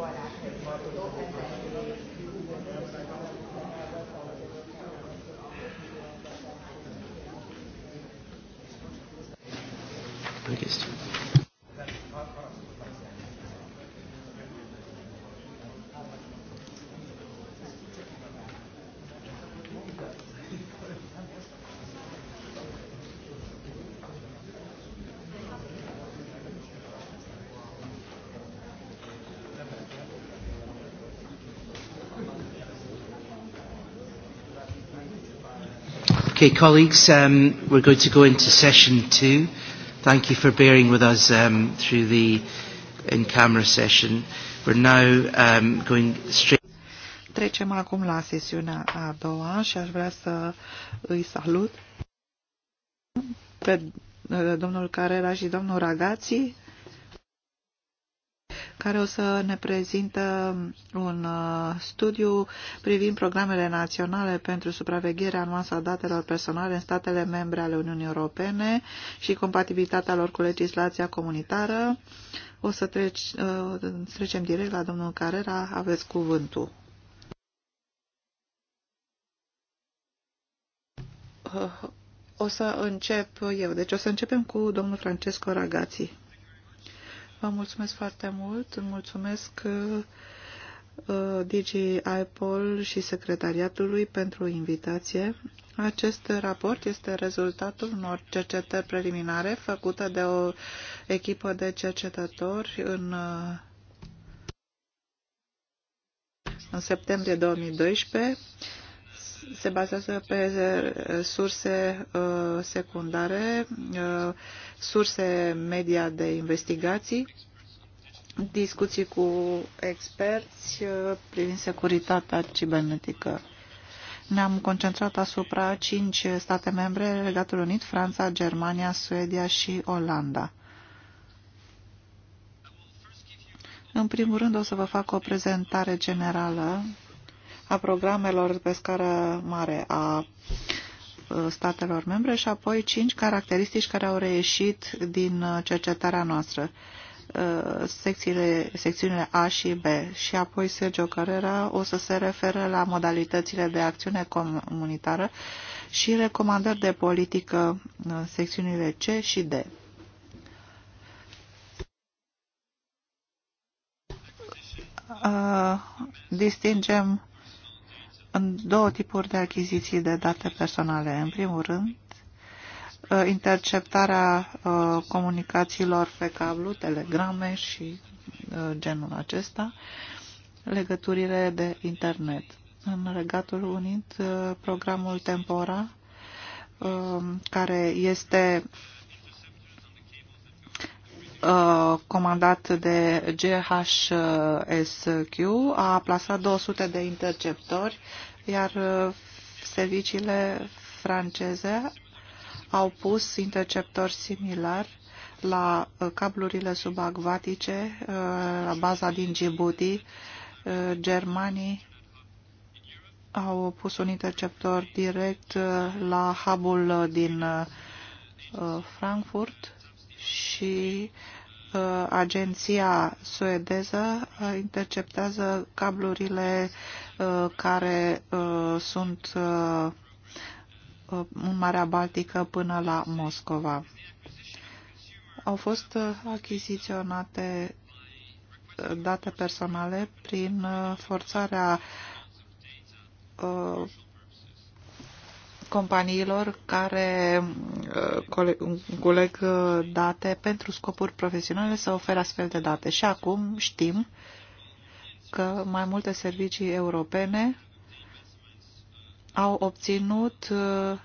forrásai tartozó emberi Okay, colleagues, um, we're going to go into session two. Thank you for bearing with us um, through the in-camera session. We're now um, going straight. Trecem acum la sesiunea a doua și aș vrea să îi salut pe uh, domnul Carera și domnul Ragații care o să ne prezintă un uh, studiu privind programele naționale pentru supravegherea în masa datelor personale în statele membre ale Uniunii Europene și compatibilitatea lor cu legislația comunitară. O să treci, uh, trecem direct la domnul Carrera. Aveți cuvântul. Uh, o să încep eu. Deci o să începem cu domnul Francesco Ragazzi. Vă mulțumesc foarte mult, mulțumesc uh, uh, DG Apple și secretariatului pentru invitație. Acest raport este rezultatul unor cercetări preliminare făcute de o echipă de cercetători în, uh, în septembrie 2012 se bazează pe eh, surse eh, secundare, eh, surse media de investigații, discuții cu experți privind securitatea cibernetică. Ne-am concentrat asupra cinci state membre, Regatul Unit, Franța, Germania, Suedia și Olanda. În primul rând o să vă fac o prezentare generală a programelor pe scară mare a uh, statelor membre și apoi cinci caracteristici care au reieșit din uh, cercetarea noastră uh, secțiile, secțiunile A și B și apoi Sergio Carrera o să se referă la modalitățile de acțiune comunitară și recomandări de politică în secțiunile C și D. Distingem în două tipuri de achiziții de date personale. În primul rând, uh, interceptarea uh, comunicațiilor pe cablu, telegrame și uh, genul acesta, legăturile de internet. În Regatul Unit, programul Tempora, care este Uh, comandat de GHSQ a plasat 200 de interceptori, iar uh, serviciile franceze au pus interceptori similari la uh, cablurile subacvatice, la baza din Djibouti. Germanii au pus un interceptor direct la hubul din Frankfurt și uh, agenția suedeză uh, interceptează cablurile uh, care uh, sunt uh, uh, în Marea Baltică până la Moscova. Au fost uh, achiziționate date personale prin forțarea companiilor care uh, culeg uh, date pentru scopuri profesionale să ofere astfel de date. Și acum știm că mai multe servicii europene au obținut uh,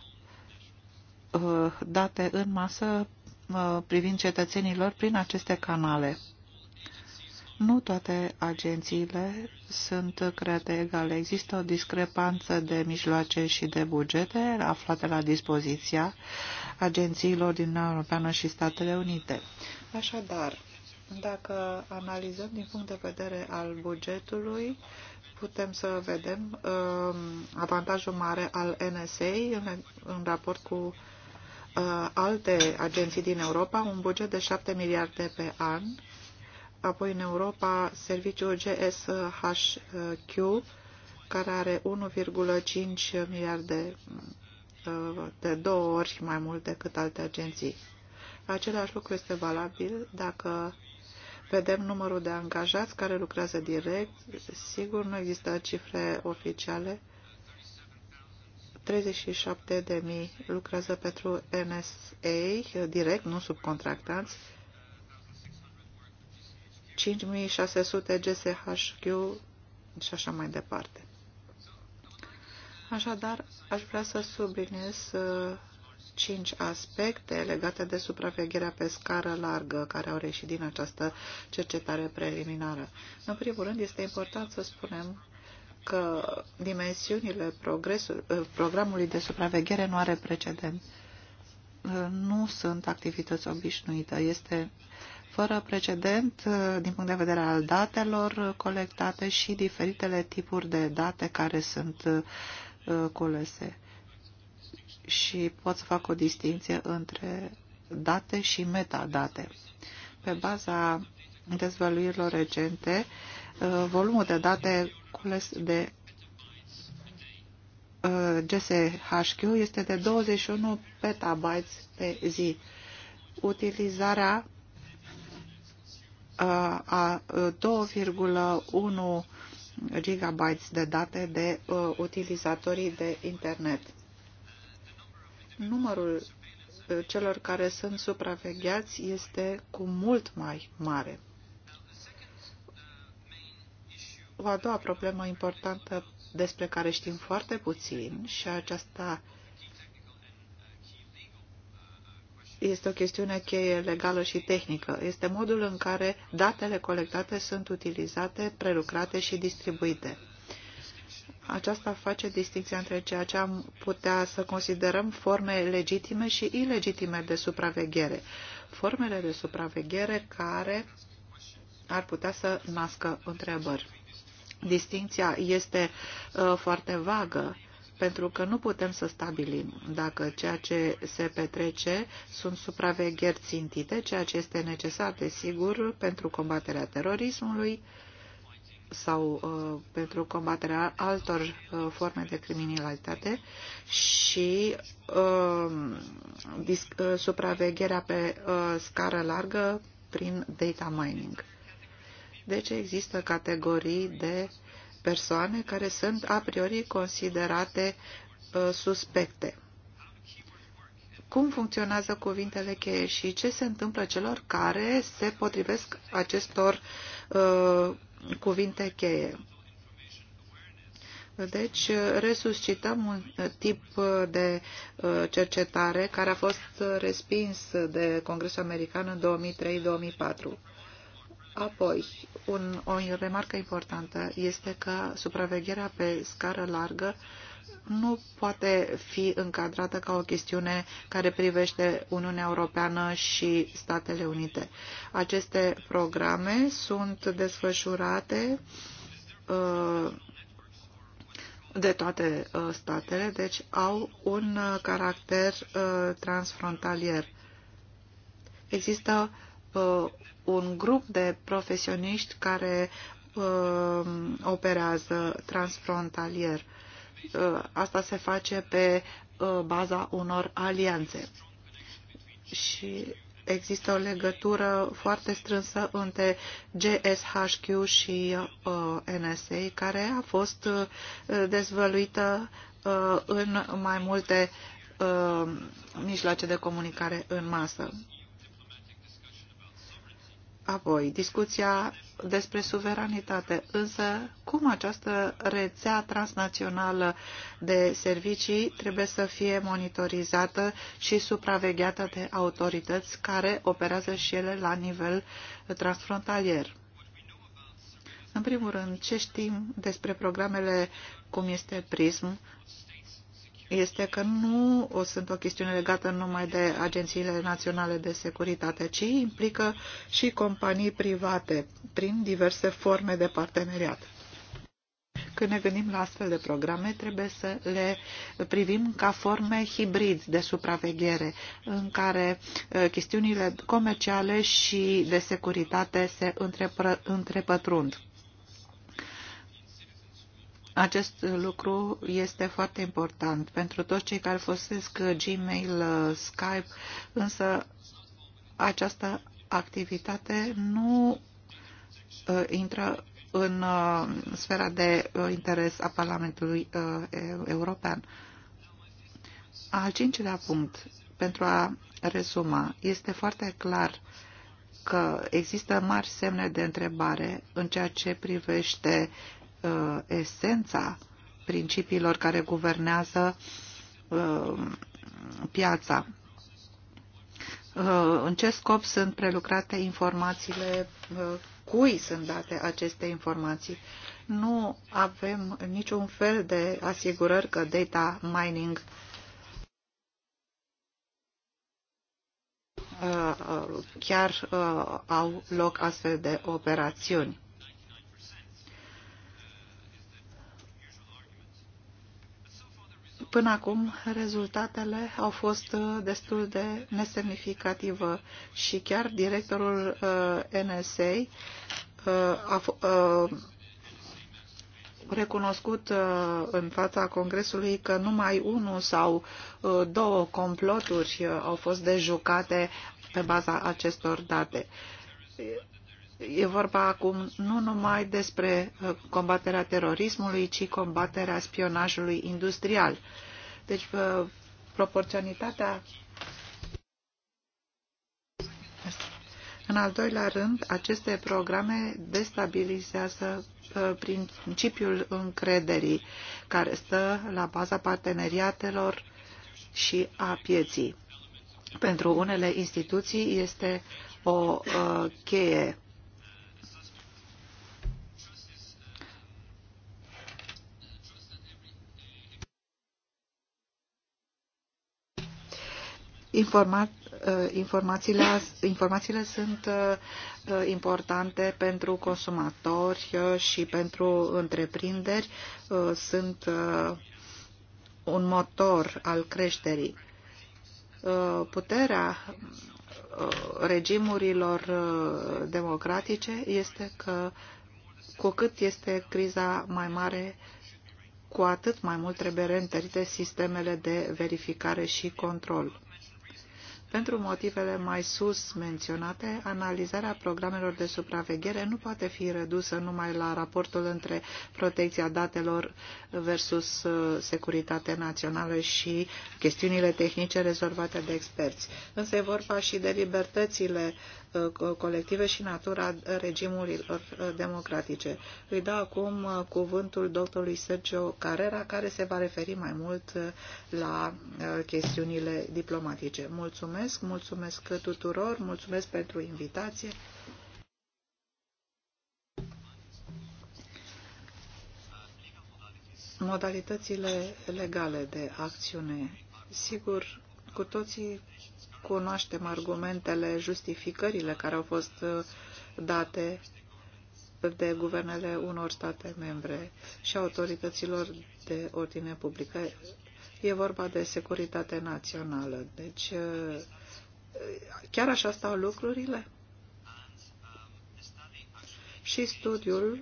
date în masă privind cetățenilor prin aceste canale. Nu toate agențiile sunt create egale. Există o discrepanță de mijloace și de bugete aflate la dispoziția agențiilor din Uniunea Europeană și Statele Unite. Așadar, dacă analizăm din punct de vedere al bugetului, putem să vedem um, avantajul mare al NSA în, în raport cu uh, alte agenții din Europa, un buget de 7 miliarde pe an, apoi în Europa serviciul GSHQ, care are 1,5 miliarde uh, de două ori mai mult decât alte agenții. Același lucru este valabil dacă vedem numărul de angajați care lucrează direct. Sigur, nu există cifre oficiale. 37.000 lucrează pentru NSA direct, nu subcontractanți. 5600 GSHQ și așa mai departe. Așadar, aș vrea să subliniez uh, cinci aspecte legate de supravegherea pe scară largă care au reșit din această cercetare preliminară. În primul rând, este important să spunem că dimensiunile uh, programului de supraveghere nu are precedent. Uh, nu sunt activități obișnuite. Este uh, fără precedent uh, din punct de vedere al datelor colectate și diferitele tipuri de date care sunt uh, culese. Și pot să fac o distinție între date și metadate. Pe baza dezvăluirilor recente, uh, volumul de date cules de GSHQ este de 21 petabytes pe zi. Utilizarea a 2,1 gigabytes de date de uh, utilizatorii de internet. Numărul uh, celor care sunt supravegheați este cu mult mai mare. O a doua problemă importantă despre care știm foarte puțin și aceasta este o chestiune cheie legală și tehnică. Este modul în care datele colectate sunt utilizate, prelucrate și distribuite. Aceasta face distinția între ceea ce am putea să considerăm forme legitime și ilegitime de supraveghere. Formele de supraveghere care ar putea să nască întrebări. Distinția este uh, foarte vagă pentru că nu putem să stabilim dacă ceea ce se petrece sunt supravegheri țintite, ceea ce este necesar, desigur, pentru combaterea terorismului sau uh, pentru combaterea altor uh, forme de criminalitate și uh, uh, supravegherea pe uh, scară largă prin data mining. Deci există categorii de persoane care sunt a priori considerate uh, suspecte. Cum funcționează cuvintele cheie și ce se întâmplă celor care se potrivesc acestor uh, cuvinte cheie? Deci resuscităm un tip de uh, cercetare care a fost respins de Congresul American în 2003-2004. Apoi, un, o remarcă importantă este că supravegherea pe scară largă nu poate fi încadrată ca o chestiune care privește Uniunea Europeană și Statele Unite. Aceste programe sunt desfășurate uh, de toate uh, statele, deci au un caracter uh, transfrontalier. Există un grup de profesioniști care uh, operează transfrontalier. Uh, asta se face pe uh, baza unor alianțe. Și există o legătură foarte strânsă între GSHQ și uh, NSA, care a fost uh, dezvăluită uh, în mai multe uh, mijloace de comunicare în masă. Apoi, discuția despre suveranitate, însă cum această rețea transnațională de servicii trebuie să fie monitorizată și supravegheată de autorități care operează și ele la nivel transfrontalier. În primul rând, ce știm despre programele cum este PRISM este că nu sunt o chestiune legată numai de agențiile naționale de securitate, ci implică și companii private prin diverse forme de parteneriat. Când ne gândim la astfel de programe, trebuie să le privim ca forme hibride de supraveghere, în care chestiunile comerciale și de securitate se întrepătrund. Acest lucru este foarte important pentru toți cei care folosesc Gmail, Skype, însă această activitate nu uh, intră în uh, sfera de uh, interes a Parlamentului European. Al cincilea punct, pentru a rezuma, este foarte clar că există mari semne de întrebare în ceea ce privește uh, esența principiilor care guvernează uh, piața. Uh, în ce scop sunt prelucrate informațiile, uh, cui sunt date aceste informații. Nu avem niciun fel de asigurări că data mining uh, uh, chiar uh, au loc astfel de operațiuni. Până acum, rezultatele au fost uh, destul de nesemnificative și chiar directorul uh, NSA a uh, recunoscut în fața Congresului că numai unul sau două comploturi au fost dejucate pe baza acestor date. E vorba acum nu numai despre uh, combaterea terorismului, ci combaterea spionajului industrial. Deci uh, proporționalitatea În al doilea rând, aceste programe destabilizează uh, principiul încrederii care stă la baza parteneriatelor și a pieții. Pentru unele instituții este o cheie informat, uh, informațiile, informațiile sunt uh, importante pentru consumatori uh, și pentru întreprinderi, sunt un motor al creșterii. Puterea regimurilor democratice este că cu cât este criza mai mare, cu atât mai mult trebuie reîntărite sistemele de verificare și control. Pentru motivele mai sus menționate, analizarea programelor de supraveghere nu poate fi redusă numai la raportul între protecția datelor versus uh, securitate națională și chestiunile tehnice rezolvate de experți. Însă e vorba și de libertățile Uh, colective și natura regimurilor uh, democratice. Îi dau acum uh, cuvântul doctorului Sergio Carrera, care se va referi mai mult la chestiunile diplomatice. Mulțumesc, mulțumesc tuturor, mulțumesc pentru invitație. modalitățile legale de acțiune. Sigur, cu toții cunoaștem argumentele, justificările care au fost uh, date de guvernele unor state membre și autorităților de ordine publică. E vorba de securitate națională. Deci, uh, chiar așa stau lucrurile? Și studiul uh,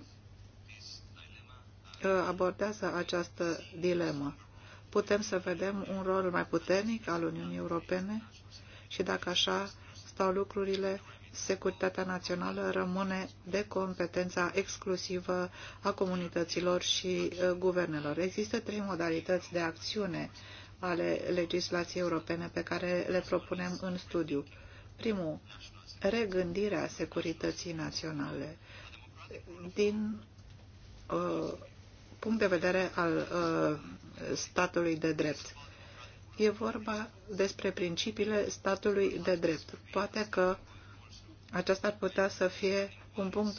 abordează această dilemă. Putem să vedem un rol mai puternic al Uniunii Europene și dacă așa stau lucrurile, securitatea națională rămâne de competența exclusivă a comunităților și uh, guvernelor. Există trei modalități de acțiune ale legislației europene pe care le propunem în studiu. Primul, regândirea securității naționale. Din uh, punct de vedere al uh, statului de drept. E vorba despre principiile statului de drept. Poate că aceasta ar putea să fie un punct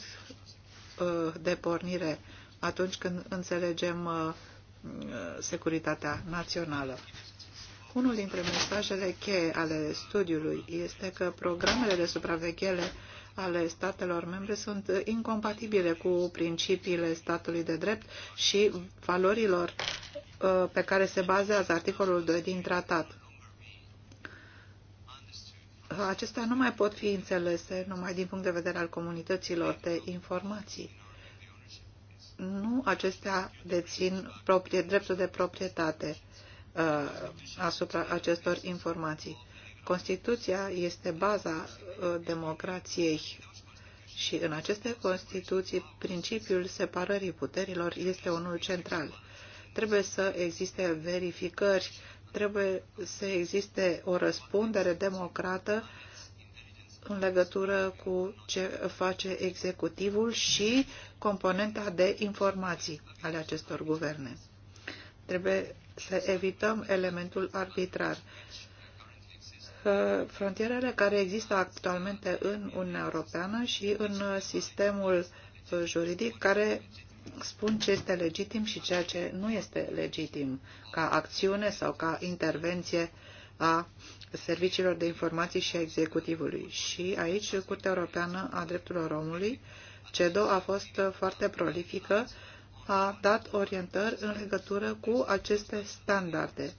uh, de pornire atunci când înțelegem uh, securitatea națională. Unul dintre mesajele cheie ale studiului este că programele de supraveghere ale statelor membre sunt incompatibile cu principiile statului de drept și valorilor Uh, pe care se bazează articolul 2 din tratat. Acestea nu mai pot fi înțelese numai din punct de vedere al comunităților de informații. Nu acestea dețin proprie, dreptul de proprietate uh, asupra acestor informații. Constituția este baza uh, democrației și în aceste Constituții principiul separării puterilor este unul central. Trebuie să existe verificări, trebuie să existe o răspundere democrată în legătură cu ce face executivul și componenta de informații ale acestor guverne. Trebuie să evităm elementul arbitrar. Ă, frontierele care există actualmente în Uniunea Europeană și în sistemul juridic care spun ce este legitim și ceea ce nu este legitim ca acțiune sau ca intervenție a serviciilor de informații și a executivului. Și aici Curtea Europeană a Drepturilor Omului, CEDO, a fost foarte prolifică, a dat orientări în legătură cu aceste standarde.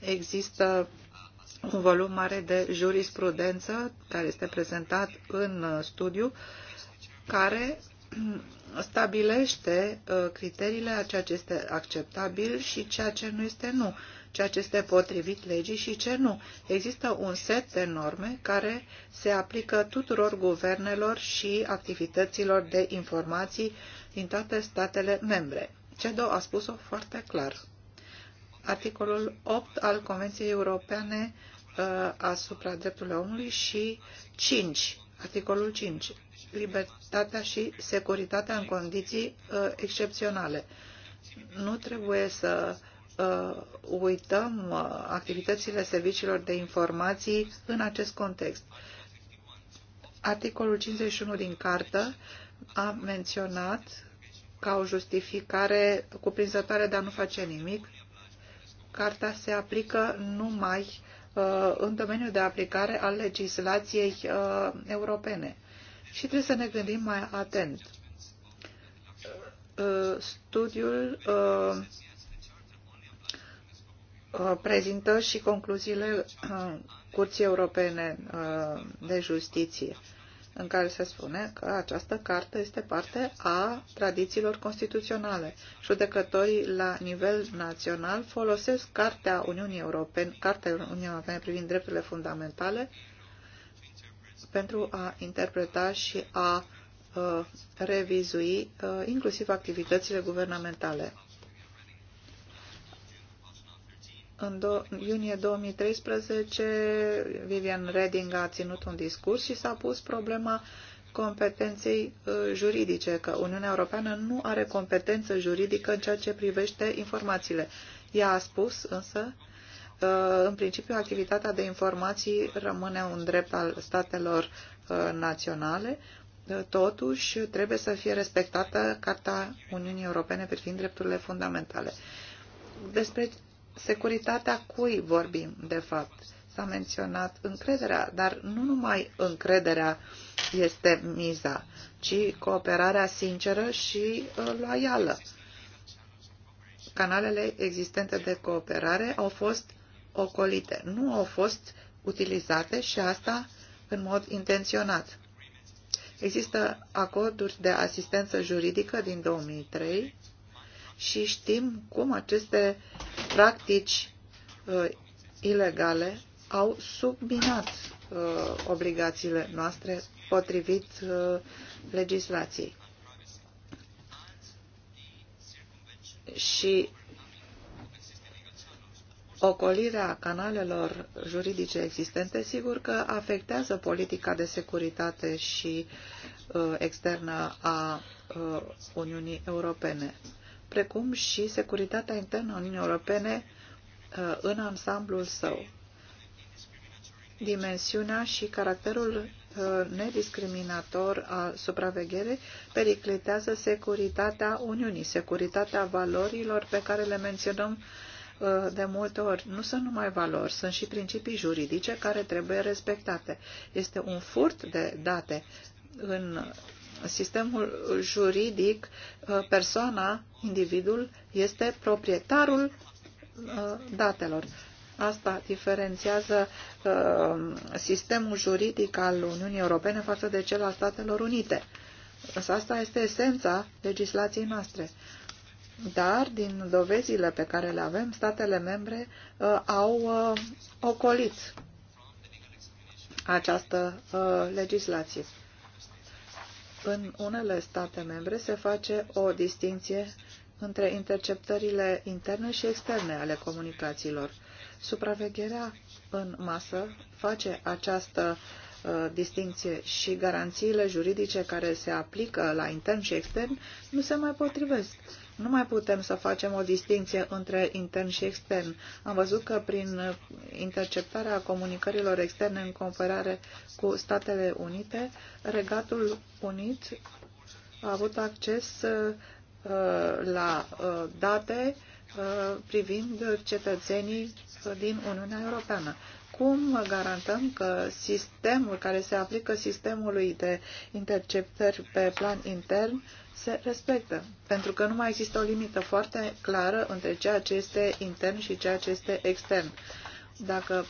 Există un volum mare de jurisprudență care este prezentat în studiu, care stabilește uh, criteriile a ceea ce este acceptabil și ceea ce nu este nu, ceea ce este potrivit legii și ce nu. Există un set de norme care se aplică tuturor guvernelor și activităților de informații din toate statele membre. CEDO a spus-o foarte clar. Articolul 8 al Convenției Europene uh, asupra drepturilor omului și 5, articolul 5 libertatea și securitatea în condiții uh, excepționale. Nu trebuie să uh, uităm uh, activitățile serviciilor de informații în acest context. Articolul 51 din cartă a menționat ca o justificare cuprinzătoare de a nu face nimic. Carta se aplică numai uh, în domeniul de aplicare al legislației uh, europene și trebuie să ne gândim mai atent. Uh, studiul uh, uh, prezintă și concluziile Curții Europene de Justiție, în care se spune că această carte este parte a tradițiilor constituționale. Judecătorii la nivel național folosesc Cartea Uniunii Europene, Cartea Uniunii Europene privind drepturile fundamentale pentru a interpreta și a uh, revizui uh, inclusiv activitățile guvernamentale. În iunie 2013, Vivian Redding a ținut un discurs și s-a pus problema competenței uh, juridice, că Uniunea Europeană nu are competență juridică în ceea ce privește informațiile. Ea a spus însă Uh, în principiu, activitatea de informații rămâne un drept al statelor uh, naționale, uh, totuși trebuie să fie respectată Carta Uniunii Europene privind drepturile fundamentale. Despre securitatea cui vorbim, de fapt? S-a menționat încrederea, dar nu numai încrederea este miza, ci cooperarea sinceră și loială. Canalele existente de cooperare au fost ocolite. Nu au fost utilizate și asta în mod intenționat. Există acorduri de asistență juridică din 2003 și știm cum aceste practici uh, ilegale au subminat uh, obligațiile noastre potrivit uh, legislației. Și Ocolirea canalelor juridice existente, sigur că afectează politica de securitate și uh, externă a uh, Uniunii Europene, precum și securitatea internă a Uniunii Europene uh, în ansamblul său. Dimensiunea și caracterul uh, nediscriminator a supraveghere periclitează securitatea Uniunii, securitatea valorilor pe care le menționăm uh, Uh, de multe ori nu sunt numai valori, sunt și principii juridice care trebuie respectate. Este un furt de date în sistemul juridic, uh, persoana, individul, este proprietarul uh, datelor. Asta diferențiază sistemul juridic al Uniunii Europene față de cel al Statelor Unite. asta este esența legislației noastre. Dar, din dovezile pe care le avem, statele membre uh, au uh, ocolit această uh, legislație. În unele state membre se face o distinție între interceptările interne și externe ale comunicațiilor. Supravegherea în masă face această uh, distinție și garanțiile juridice care se aplică la intern și extern nu se mai potrivesc. Uh, nu mai putem să facem o distinție între intern și extern. Am văzut că prin interceptarea comunicărilor externe în comparare cu Statele Unite, Regatul Unit a avut acces uh, la uh, date uh, privind cetățenii din Uniunea Europeană cum garantăm că sistemul care se aplică sistemului de interceptări pe plan intern se respectă? Pentru că nu mai există o limită foarte clară între ceea ce este intern și ceea ce este extern. Dacă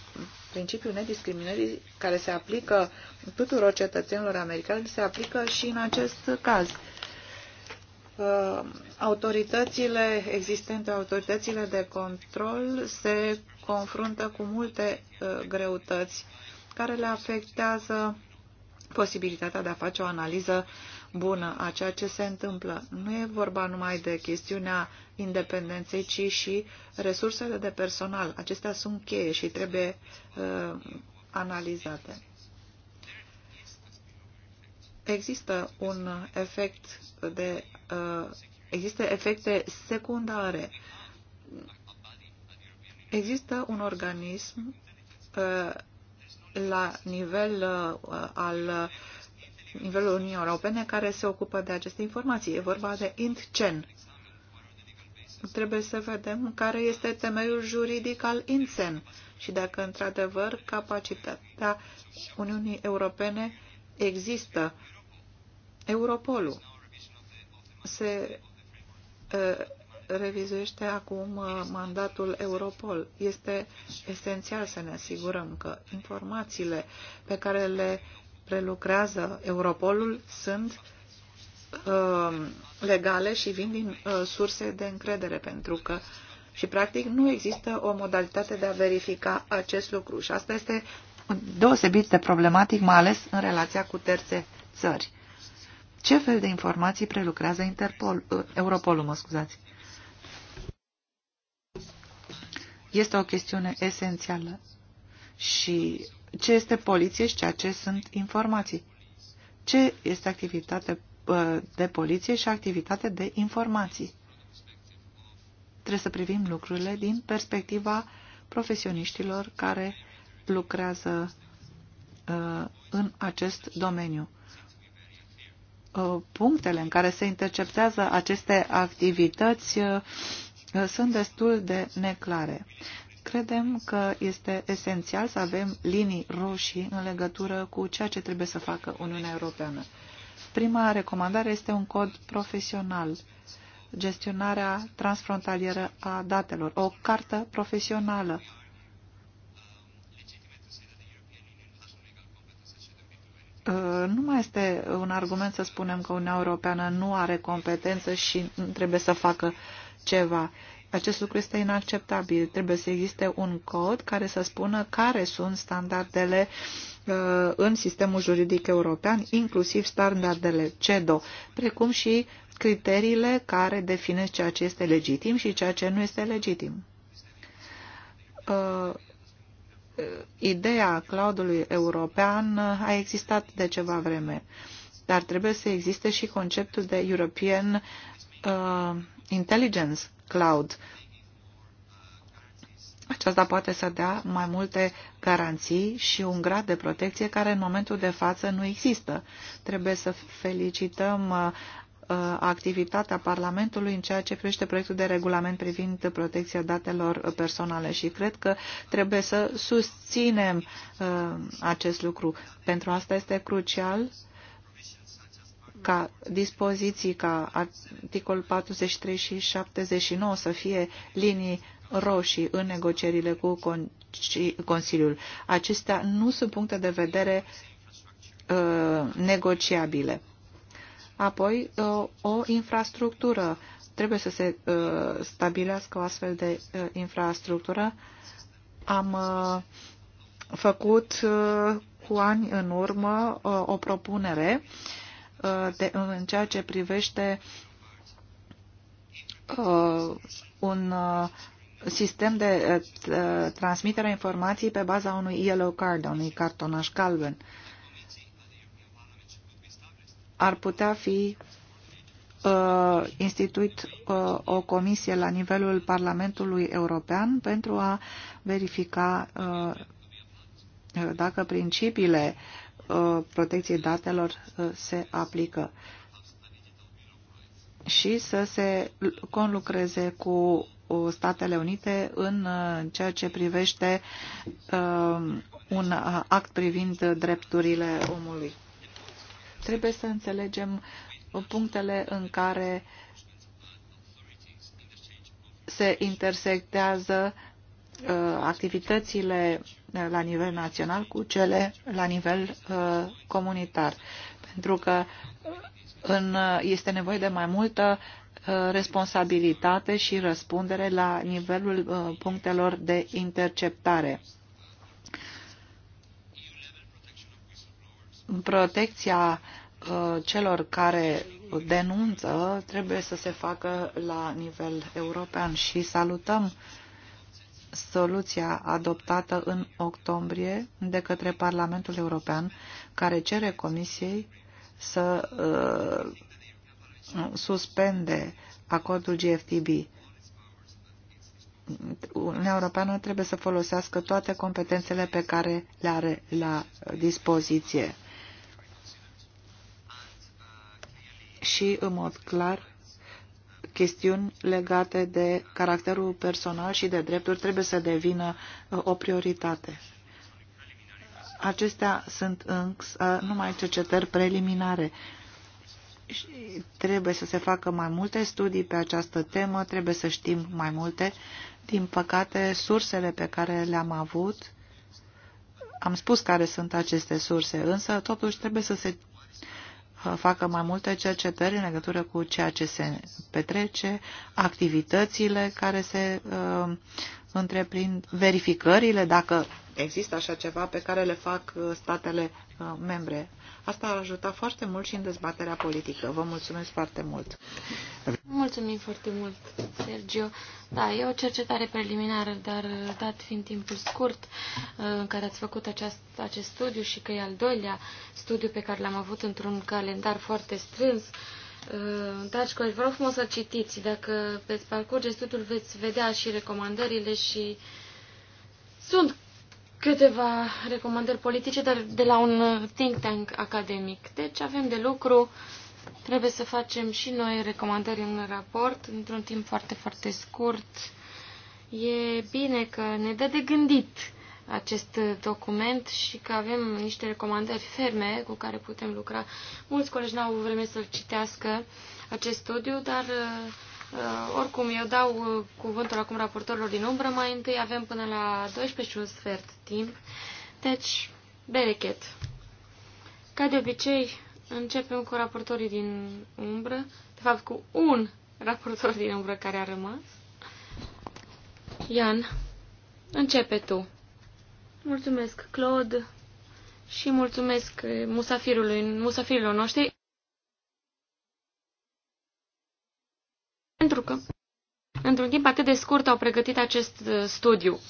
principiul nediscriminării care se aplică tuturor cetățenilor americani se aplică și în acest caz. Uh, autoritățile existente, autoritățile de control se confruntă cu multe uh, greutăți care le afectează posibilitatea de a face o analiză bună a ceea ce se întâmplă. Nu e vorba numai de chestiunea independenței, ci și resursele de personal. Acestea sunt cheie și trebuie uh, analizate există un efect de uh, există efecte secundare. Există un organism uh, la nivel uh, al nivelul Uniunii Europene care se ocupă de aceste informații. E vorba de INTCEN. Trebuie să vedem care este temeiul juridic al INTCEN și dacă într-adevăr capacitatea Uniunii Europene există Europolul. Se uh, revizuiește acum uh, mandatul Europol. Este esențial să ne asigurăm că informațiile pe care le prelucrează Europolul sunt uh, legale și vin din uh, surse de încredere, pentru că și practic nu există o modalitate de a verifica acest lucru și asta este deosebit de problematic, mai ales în relația cu terțe țări. Ce fel de informații prelucrează Interpol, uh, Europolul, mă scuzați? Este o chestiune esențială. Și ce este poliție și ceea ce sunt informații? Ce este activitate uh, de poliție și activitate de informații? Trebuie să privim lucrurile din perspectiva profesioniștilor care lucrează uh, în acest domeniu. Uh, punctele în care se interceptează aceste activități uh, sunt destul de neclare. Credem că este esențial să avem linii roșii în legătură cu ceea ce trebuie să facă Uniunea Europeană. Prima recomandare este un cod profesional, gestionarea transfrontalieră a datelor, o cartă profesională, Uh, nu mai este un argument să spunem că Uniunea Europeană nu are competență și trebuie să facă ceva. Acest lucru este inacceptabil. Trebuie să existe un cod care să spună care sunt standardele uh, în sistemul juridic european, inclusiv standardele CEDO, precum și criteriile care definesc ceea ce este legitim și ceea ce nu este legitim uh, Uh, ideea cloudului european uh, a existat de ceva vreme, dar trebuie să existe și conceptul de European uh, Intelligence Cloud. Aceasta poate să dea mai multe garanții și un grad de protecție care în momentul de față nu există. Trebuie să felicităm uh, Uh, activitatea Parlamentului în ceea ce privește proiectul de regulament privind protecția datelor personale și cred că trebuie să susținem uh, acest lucru. Pentru asta este crucial ca dispoziții ca articol 43 și 79 să fie linii roșii în negocierile cu Consiliul. Acestea nu sunt puncte de vedere uh, negociabile. Apoi, uh, o infrastructură. Trebuie să se uh, stabilească o astfel de uh, infrastructură. Am făcut cu ani în urmă o propunere de, în ceea ce privește un sistem de transmitere a informației pe baza unui yellow card, unui cartonaș galben ar putea fi uh, instituit uh, o comisie la nivelul Parlamentului European pentru a verifica uh, dacă principiile uh, protecției datelor uh, se aplică și să se conlucreze cu uh, Statele Unite în uh, ceea ce privește uh, un act privind drepturile omului. Trebuie să înțelegem punctele în care se intersectează uh, activitățile la nivel național cu cele la nivel uh, comunitar. Pentru că uh, în, este nevoie de mai multă responsabilitate și răspundere la nivelul punctelor de interceptare. protecția uh, celor care denunță trebuie să se facă la nivel european și salutăm soluția adoptată în octombrie de către Parlamentul European, care cere Comisiei să uh, suspende acordul GFTB. Uniunea Europeană trebuie să folosească toate competențele pe care le are la dispoziție. și, în mod clar, chestiuni legate de caracterul personal și de drepturi trebuie să devină uh, o prioritate. Acestea sunt încă uh, numai cercetări preliminare. Trebuie să se facă mai multe studii pe această temă, trebuie să știm mai multe. Din păcate, sursele pe care le-am avut, am spus care sunt aceste surse, însă totuși trebuie să se Uh, facă mai multe cercetări în legătură cu ceea ce se petrece, activitățile care se uh, întreprind, verificările, dacă există așa ceva pe care le fac uh, statele uh, membre. Asta ar ajuta foarte mult și în dezbaterea politică. Vă mulțumesc foarte mult. Mulțumim foarte mult, Sergio. Da, e o cercetare preliminară, dar dat fiind timpul scurt uh, în care ați făcut aceast, acest studiu și că e al doilea studiu pe care l-am avut într-un calendar foarte strâns, uh, Dragi colegi, vă rog frumos să citiți. Dacă veți parcurge studiul, veți vedea și recomandările și sunt câteva recomandări politice, dar de la un think tank academic. Deci avem de lucru, trebuie să facem și noi recomandări în raport, într-un timp foarte, foarte scurt. E bine că ne dă de gândit acest document și că avem niște recomandări ferme cu care putem lucra. Mulți colegi n-au vreme să-l citească acest studiu, dar uh, Uh, oricum, eu dau uh, cuvântul acum raportorilor din umbră. Mai întâi avem până la 12 și un sfert timp. Deci, berechet. Ca de obicei, începem cu raportorii din umbră. De fapt, cu un raportor din umbră care a rămas. Ian, începe tu. Mulțumesc, Claude, și mulțumesc uh, musafirului, musafirilor noștri. Pentru că, într-un timp atât de scurt, au pregătit acest uh, studiu.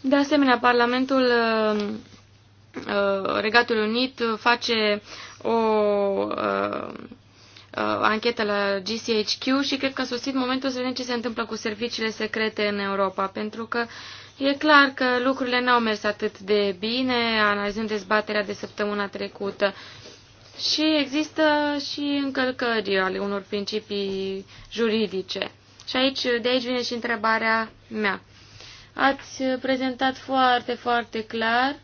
De asemenea, Parlamentul uh, uh, Regatul Unit face o anchetă la GCHQ și cred că a sosit momentul să vedem ce se întâmplă cu serviciile secrete în Europa, pentru că e clar că lucrurile n-au mers atât de bine, analizând dezbaterea de săptămâna trecută și există și încălcări ale unor principii juridice. Și aici, de aici vine și întrebarea mea. Ați prezentat foarte, foarte clar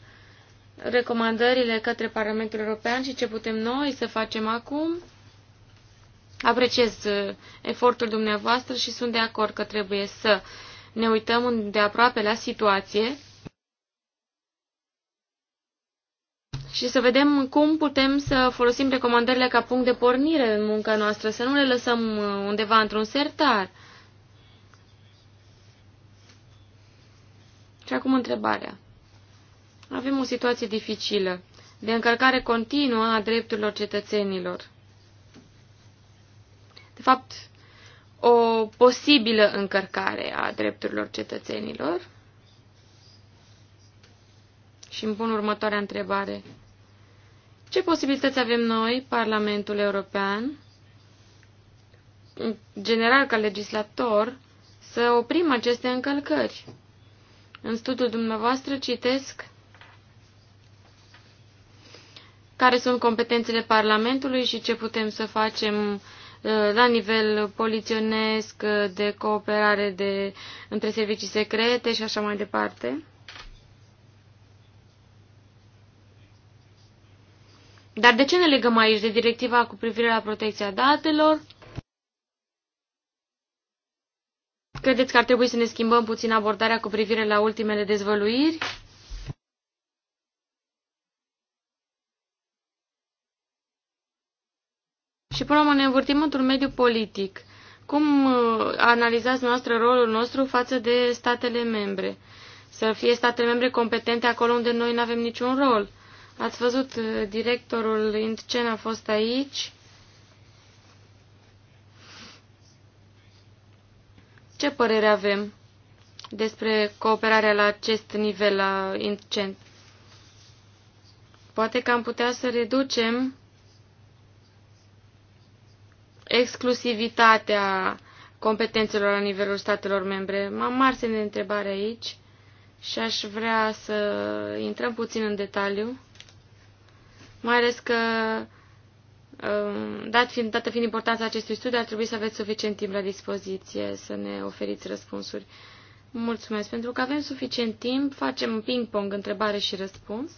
recomandările către Parlamentul European și ce putem noi să facem acum. Apreciez uh, efortul dumneavoastră și sunt de acord că trebuie să ne uităm de aproape la situație și să vedem cum putem să folosim recomandările ca punct de pornire în munca noastră, să nu le lăsăm uh, undeva într-un sertar. Și acum întrebarea. Avem o situație dificilă de încălcare continuă a drepturilor cetățenilor. De fapt, o posibilă încărcare a drepturilor cetățenilor. Și îmi pun următoarea întrebare. Ce posibilități avem noi, Parlamentul European, în general ca legislator, să oprim aceste încălcări? În studiul dumneavoastră citesc care sunt competențele Parlamentului și ce putem să facem uh, la nivel poliționesc, uh, de cooperare de, între servicii secrete și așa mai departe. Dar de ce ne legăm aici de directiva cu privire la protecția datelor? Credeți că ar trebui să ne schimbăm puțin abordarea cu privire la ultimele dezvăluiri? Și până la ne învârtim într-un mediu politic. Cum uh, analizați noastră rolul nostru față de statele membre? Să fie statele membre competente acolo unde noi nu avem niciun rol. Ați văzut, uh, directorul Intcen a fost aici. Ce părere avem despre cooperarea la acest nivel la Intcen? Poate că am putea să reducem exclusivitatea competențelor la nivelul statelor membre. M-am mars de întrebare aici și aș vrea să intrăm puțin în detaliu mai ales că, um, dat fiind, dată fiind importanța acestui studiu, ar trebui să aveți suficient timp la dispoziție să ne oferiți răspunsuri. Mulțumesc. Pentru că avem suficient timp, facem un ping-pong, întrebare și răspuns.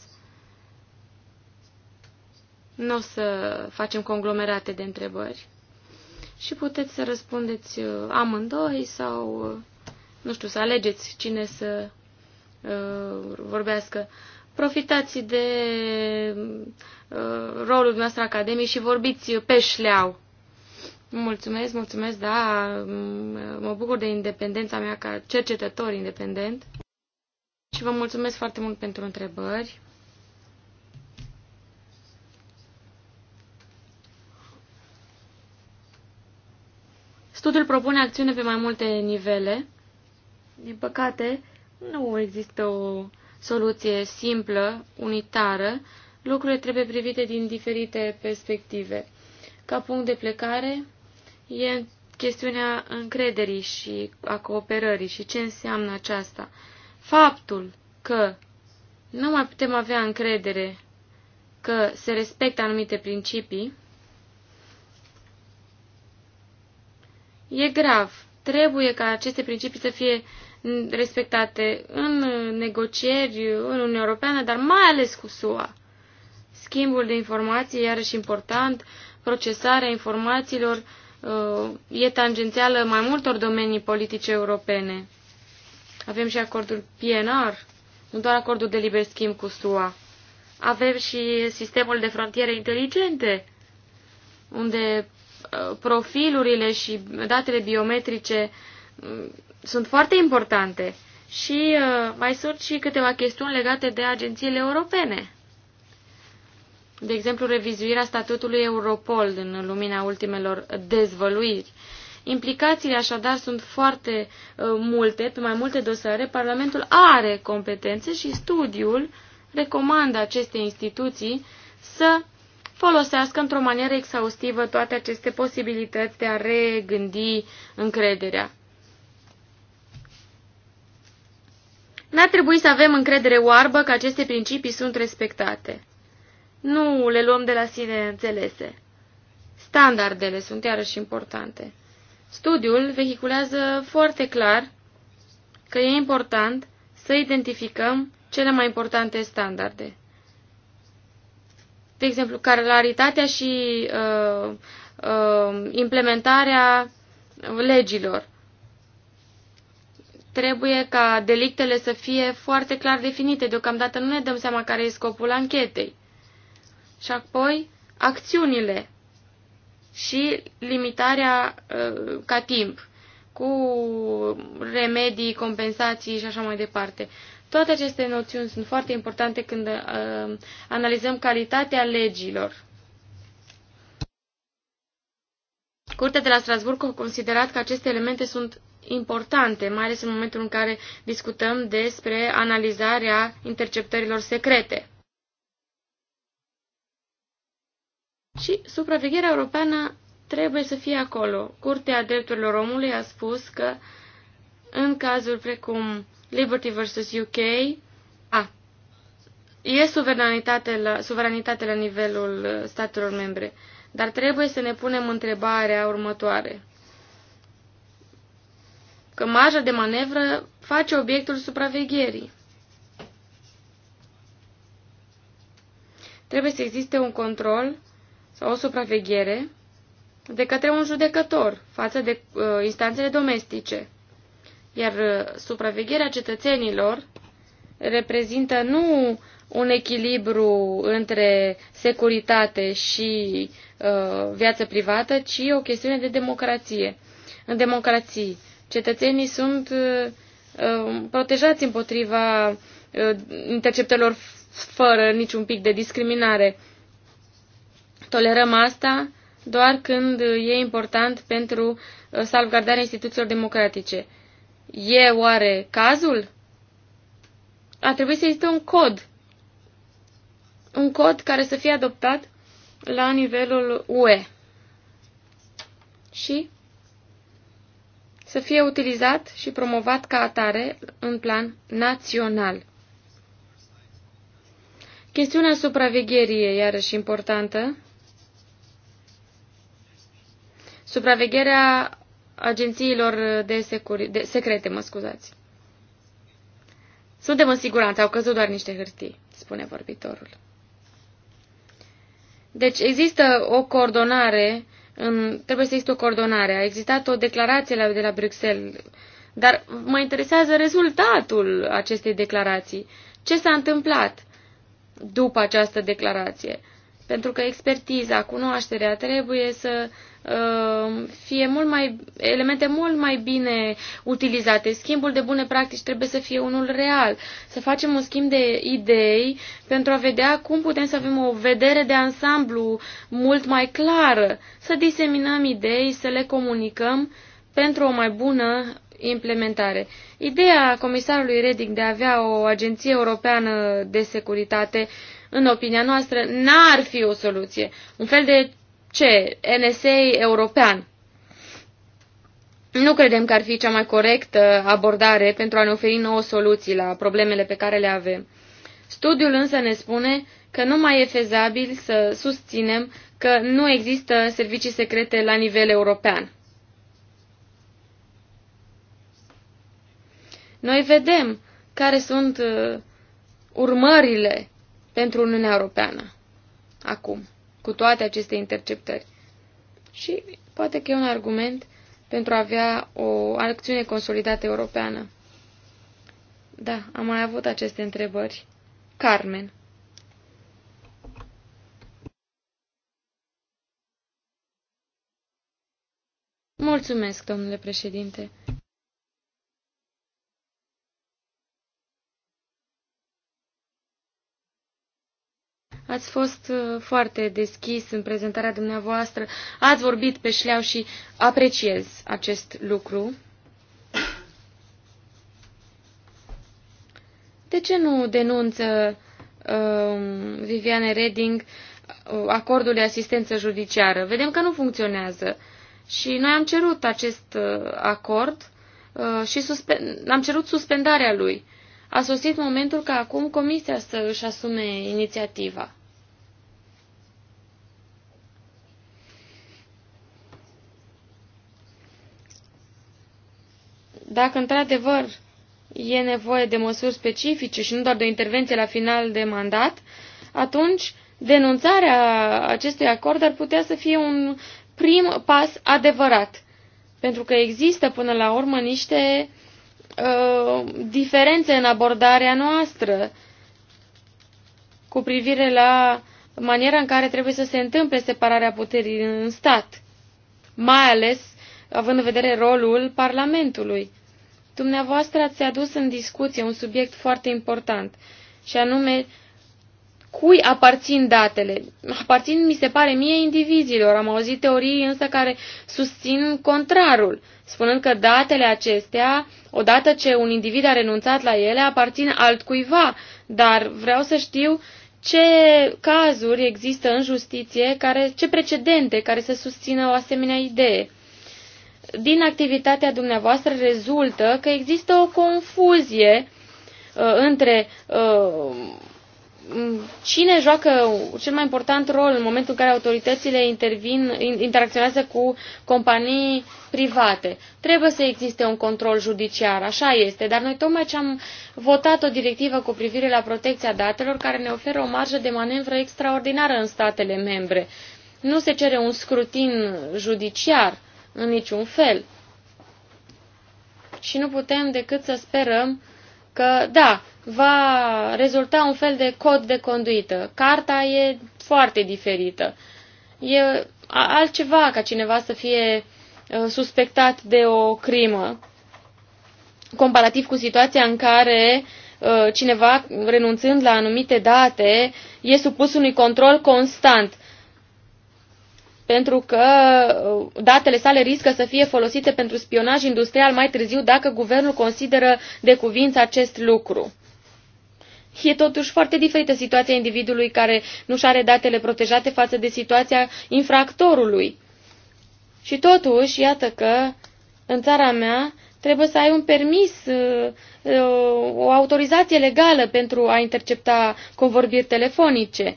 Nu o să facem conglomerate de întrebări. Și puteți să răspundeți uh, amândoi sau, uh, nu știu, să alegeți cine să uh, vorbească profitați de uh, rolul nostru academic și vorbiți pe șleau. Mulțumesc, mulțumesc, da, mă bucur de independența mea ca cercetător independent și vă mulțumesc foarte mult pentru întrebări. Studiul propune acțiune pe mai multe nivele. Din păcate, nu există o soluție simplă, unitară, lucrurile trebuie privite din diferite perspective. Ca punct de plecare e chestiunea încrederii și a cooperării și ce înseamnă aceasta. Faptul că nu mai putem avea încredere că se respectă anumite principii, e grav Trebuie ca aceste principii să fie respectate în negocieri în Uniunea Europeană, dar mai ales cu SUA. Schimbul de informații, iarăși important, procesarea informațiilor uh, e tangențială mai multor domenii politice europene. Avem și acordul PNR, nu doar acordul de liber schimb cu SUA. Avem și sistemul de frontiere inteligente, unde Uh, profilurile și datele biometrice mm, sunt foarte importante. Și uh, mai sunt și câteva chestiuni legate de agențiile europene. De exemplu, revizuirea statutului Europol în lumina ultimelor dezvăluiri. Implicațiile așadar sunt foarte uh, multe, pe mai multe dosare. Parlamentul are competențe și studiul recomandă aceste instituții să folosească într-o manieră exhaustivă toate aceste posibilități de a regândi încrederea. N-ar trebui să avem încredere oarbă că aceste principii sunt respectate. Nu le luăm de la sine înțelese. Standardele sunt iarăși importante. Studiul vehiculează foarte clar că e important să identificăm cele mai importante standarde de exemplu, claritatea și uh, uh, implementarea legilor. Trebuie ca delictele să fie foarte clar definite. Deocamdată nu ne dăm seama care e scopul anchetei. Și apoi, acțiunile și limitarea uh, ca timp cu remedii, compensații și așa mai departe. Toate aceste noțiuni sunt foarte importante când uh, analizăm calitatea legilor. Curtea de la Strasburg a considerat că aceste elemente sunt importante, mai ales în momentul în care discutăm despre analizarea interceptărilor secrete. Și supravegherea europeană trebuie să fie acolo. Curtea Drepturilor Omului a spus că în cazuri precum Liberty vs. UK, a, e suveranitate la, suveranitate la nivelul uh, statelor membre, dar trebuie să ne punem întrebarea următoare. Că marja de manevră face obiectul supravegherii. Trebuie să existe un control sau o supraveghere de către un judecător față de uh, instanțele domestice. Iar uh, supravegherea cetățenilor reprezintă nu un echilibru între securitate și uh, viață privată, ci o chestiune de democrație. În democrații, cetățenii sunt uh, uh protejați împotriva uh, interceptelor fără niciun pic de discriminare. Tolerăm asta doar când e important pentru uh, salvgardarea instituțiilor democratice. E oare cazul? A trebuit să existe un cod. Un cod care să fie adoptat la nivelul UE. Și să fie utilizat și promovat ca atare în plan național. Chestiunea supravegherii e iarăși importantă. Supravegherea agențiilor de, securi... de secrete, mă scuzați. Suntem în siguranță, au căzut doar niște hârtii, spune vorbitorul. Deci există o coordonare, în, trebuie să există o coordonare. A existat o declarație la, de la Bruxelles, dar mă interesează rezultatul acestei declarații. Ce s-a întâmplat după această declarație? Pentru că expertiza, cunoașterea trebuie să Uh, fie mult mai, elemente mult mai bine utilizate. Schimbul de bune practici trebuie să fie unul real. Să facem un schimb de idei pentru a vedea cum putem să avem o vedere de ansamblu mult mai clară. Să diseminăm idei, să le comunicăm pentru o mai bună implementare. Ideea comisarului Reding de a avea o agenție europeană de securitate, în opinia noastră, n-ar fi o soluție. Un fel de ce? NSA european. Nu credem că ar fi cea mai corectă abordare pentru a ne oferi nouă soluții la problemele pe care le avem. Studiul însă ne spune că nu mai e fezabil să susținem că nu există servicii secrete la nivel european. Noi vedem care sunt uh, urmările pentru Uniunea Europeană acum cu toate aceste interceptări. Și poate că e un argument pentru a avea o acțiune consolidată europeană. Da, am mai avut aceste întrebări. Carmen. Mulțumesc, domnule președinte. Ați fost uh, foarte deschis în prezentarea dumneavoastră, ați vorbit pe șleau și apreciez acest lucru. De ce nu denunță uh, Viviane Reding uh, acordul de asistență judiciară? Vedem că nu funcționează. Și noi am cerut acest uh, acord uh, și am cerut suspendarea lui. A sosit momentul ca acum Comisia să își asume inițiativa. Dacă într-adevăr e nevoie de măsuri specifice și nu doar de o intervenție la final de mandat, atunci denunțarea acestui acord ar putea să fie un prim pas adevărat. Pentru că există până la urmă niște uh, diferențe în abordarea noastră cu privire la maniera în care trebuie să se întâmple separarea puterii în stat, mai ales având în vedere rolul Parlamentului. Dumneavoastră ați adus în discuție un subiect foarte important, și anume cui aparțin datele? Aparțin, mi se pare mie, indivizilor. Am auzit teorii însă care susțin contrarul, spunând că datele acestea, odată ce un individ a renunțat la ele, aparțin altcuiva. Dar vreau să știu ce cazuri există în justiție, care, ce precedente care să susțină o asemenea idee din activitatea dumneavoastră rezultă că există o confuzie uh, între uh, cine joacă cel mai important rol în momentul în care autoritățile intervin, interacționează cu companii private. Trebuie să existe un control judiciar, așa este, dar noi tocmai ce am votat o directivă cu privire la protecția datelor care ne oferă o marjă de manevră extraordinară în statele membre. Nu se cere un scrutin judiciar, uh, în niciun fel. Și nu putem decât să sperăm că, da, va rezulta un fel de cod de conduită. Carta e foarte diferită. E altceva ca cineva să fie ă, suspectat de o crimă, comparativ cu situația în care ă, cineva, renunțând la anumite date, e supus unui control constant pentru că uh, datele sale riscă să fie folosite pentru spionaj industrial mai târziu dacă guvernul consideră de cuvință acest lucru. E totuși foarte diferită situația individului care nu-și are datele protejate față de situația infractorului. Și totuși, iată că în țara mea trebuie să ai un permis, uh, uh, o autorizație legală pentru a intercepta convorbiri telefonice.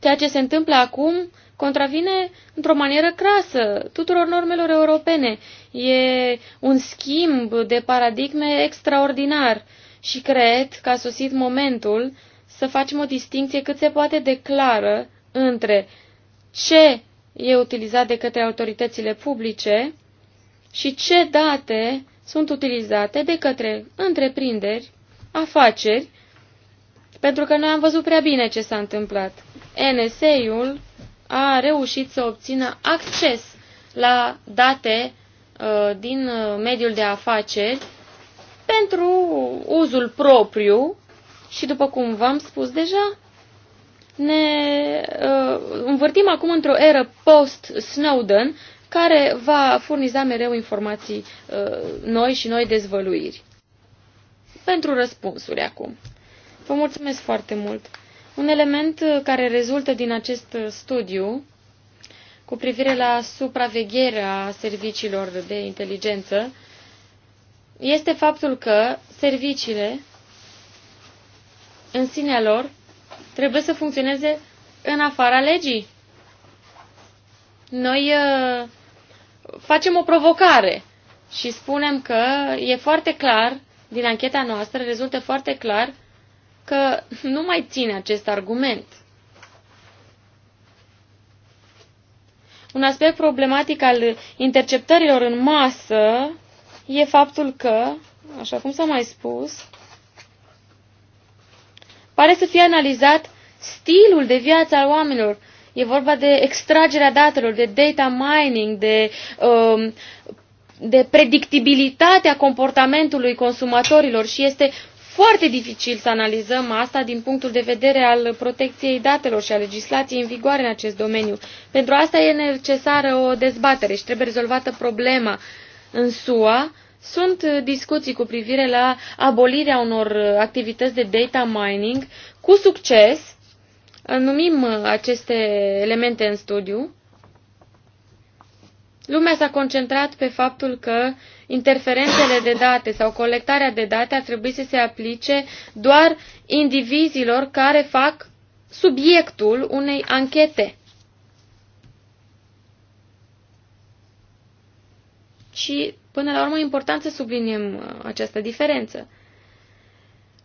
Ceea ce se întâmplă acum contravine într-o manieră crasă tuturor normelor europene. E un schimb de paradigme extraordinar și cred că a sosit momentul să facem o distinție cât se poate de clară între ce e utilizat de către autoritățile publice și ce date sunt utilizate de către întreprinderi, afaceri, pentru că noi am văzut prea bine ce s-a întâmplat. NSA-ul a reușit să obțină acces la date uh, din uh, mediul de afaceri pentru uzul propriu și, după cum v-am spus deja, ne uh, învârtim acum într-o eră post-Snowden care va furniza mereu informații uh, noi și noi dezvăluiri. Pentru răspunsuri acum. Vă mulțumesc foarte mult! Un element uh, care rezultă din acest uh, studiu cu privire la supravegherea serviciilor de inteligență este faptul că serviciile în sinea lor trebuie să funcționeze în afara legii. Noi uh, facem o provocare și spunem că e foarte clar, din ancheta noastră rezultă foarte clar că nu mai ține acest argument. Un aspect problematic al interceptărilor în masă e faptul că, așa cum s-a mai spus, pare să fie analizat stilul de viață al oamenilor. E vorba de extragerea datelor, de data mining, de, um, de predictibilitatea comportamentului consumatorilor și este foarte dificil să analizăm asta din punctul de vedere al protecției datelor și a legislației în vigoare în acest domeniu. Pentru asta e necesară o dezbatere și trebuie rezolvată problema. În SUA sunt discuții cu privire la abolirea unor activități de data mining cu succes. Numim aceste elemente în studiu Lumea s-a concentrat pe faptul că interferențele de date sau colectarea de date ar trebui să se aplice doar indivizilor care fac subiectul unei anchete. Și, până la urmă, e important să subliniem uh, această diferență.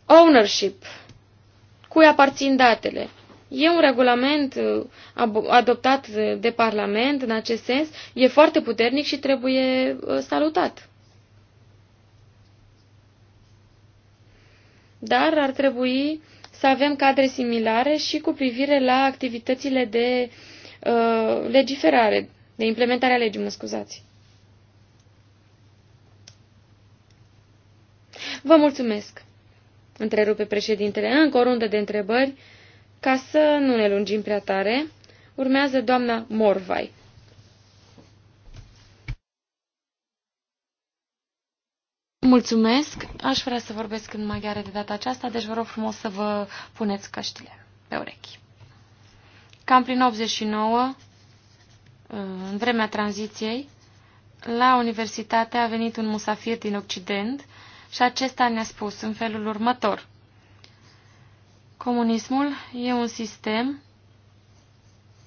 Ownership. Cui aparțin datele? E un regulament uh, adoptat de Parlament în acest sens, e foarte puternic și trebuie uh, salutat. Dar ar trebui să avem cadre similare și cu privire la activitățile de uh, legiferare, de implementare a legii, mă scuzați. Vă mulțumesc, întrerupe președintele. Încă o rundă de întrebări. Ca să nu ne lungim prea tare, urmează doamna Morvai. Mulțumesc. Aș vrea să vorbesc în maghiară de data aceasta, deci vă rog frumos să vă puneți căștile pe urechi. Cam prin 89, în vremea tranziției, la universitate a venit un musafir din Occident și acesta ne-a spus în felul următor. Comunismul e un sistem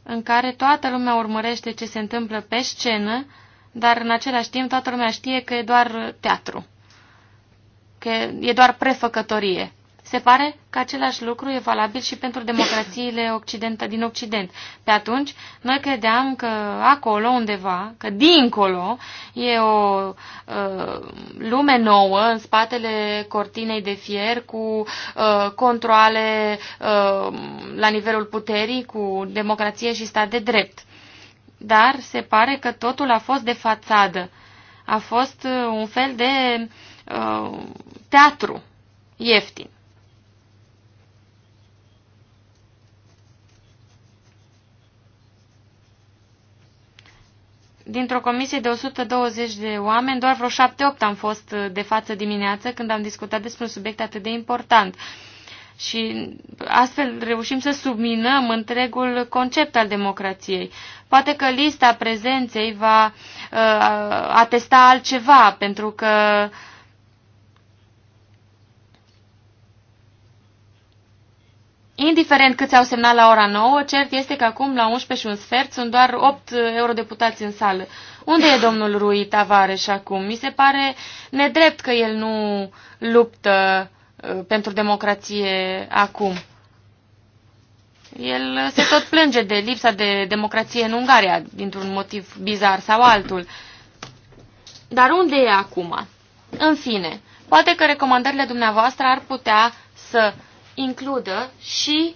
în care toată lumea urmărește ce se întâmplă pe scenă, dar în același timp toată lumea știe că e doar teatru, că e doar prefăcătorie. Se pare că același lucru e valabil și pentru democrațiile occident, din Occident. Pe atunci, noi credeam că acolo undeva, că dincolo, e o uh, lume nouă în spatele cortinei de fier cu uh, controle uh, la nivelul puterii, cu democrație și stat de drept. Dar se pare că totul a fost de fațadă. A fost uh, un fel de uh, teatru ieftin. dintr-o comisie de 120 de oameni, doar vreo 7-8 am fost uh, de față dimineață când am discutat despre un subiect atât de important. Și astfel reușim să subminăm întregul concept al democrației. Poate că lista prezenței va uh, atesta altceva, pentru că uh, Indiferent câți au semnat la ora 9, cert este că acum la 11 și un sfert sunt doar 8 eurodeputați în sală. Unde e domnul Rui Tavares acum? Mi se pare nedrept că el nu luptă uh, pentru democrație acum. El uh, se tot plânge de lipsa de democrație în Ungaria, dintr-un motiv bizar sau altul. Dar unde e acum? În fine, poate că recomandările dumneavoastră ar putea să includă și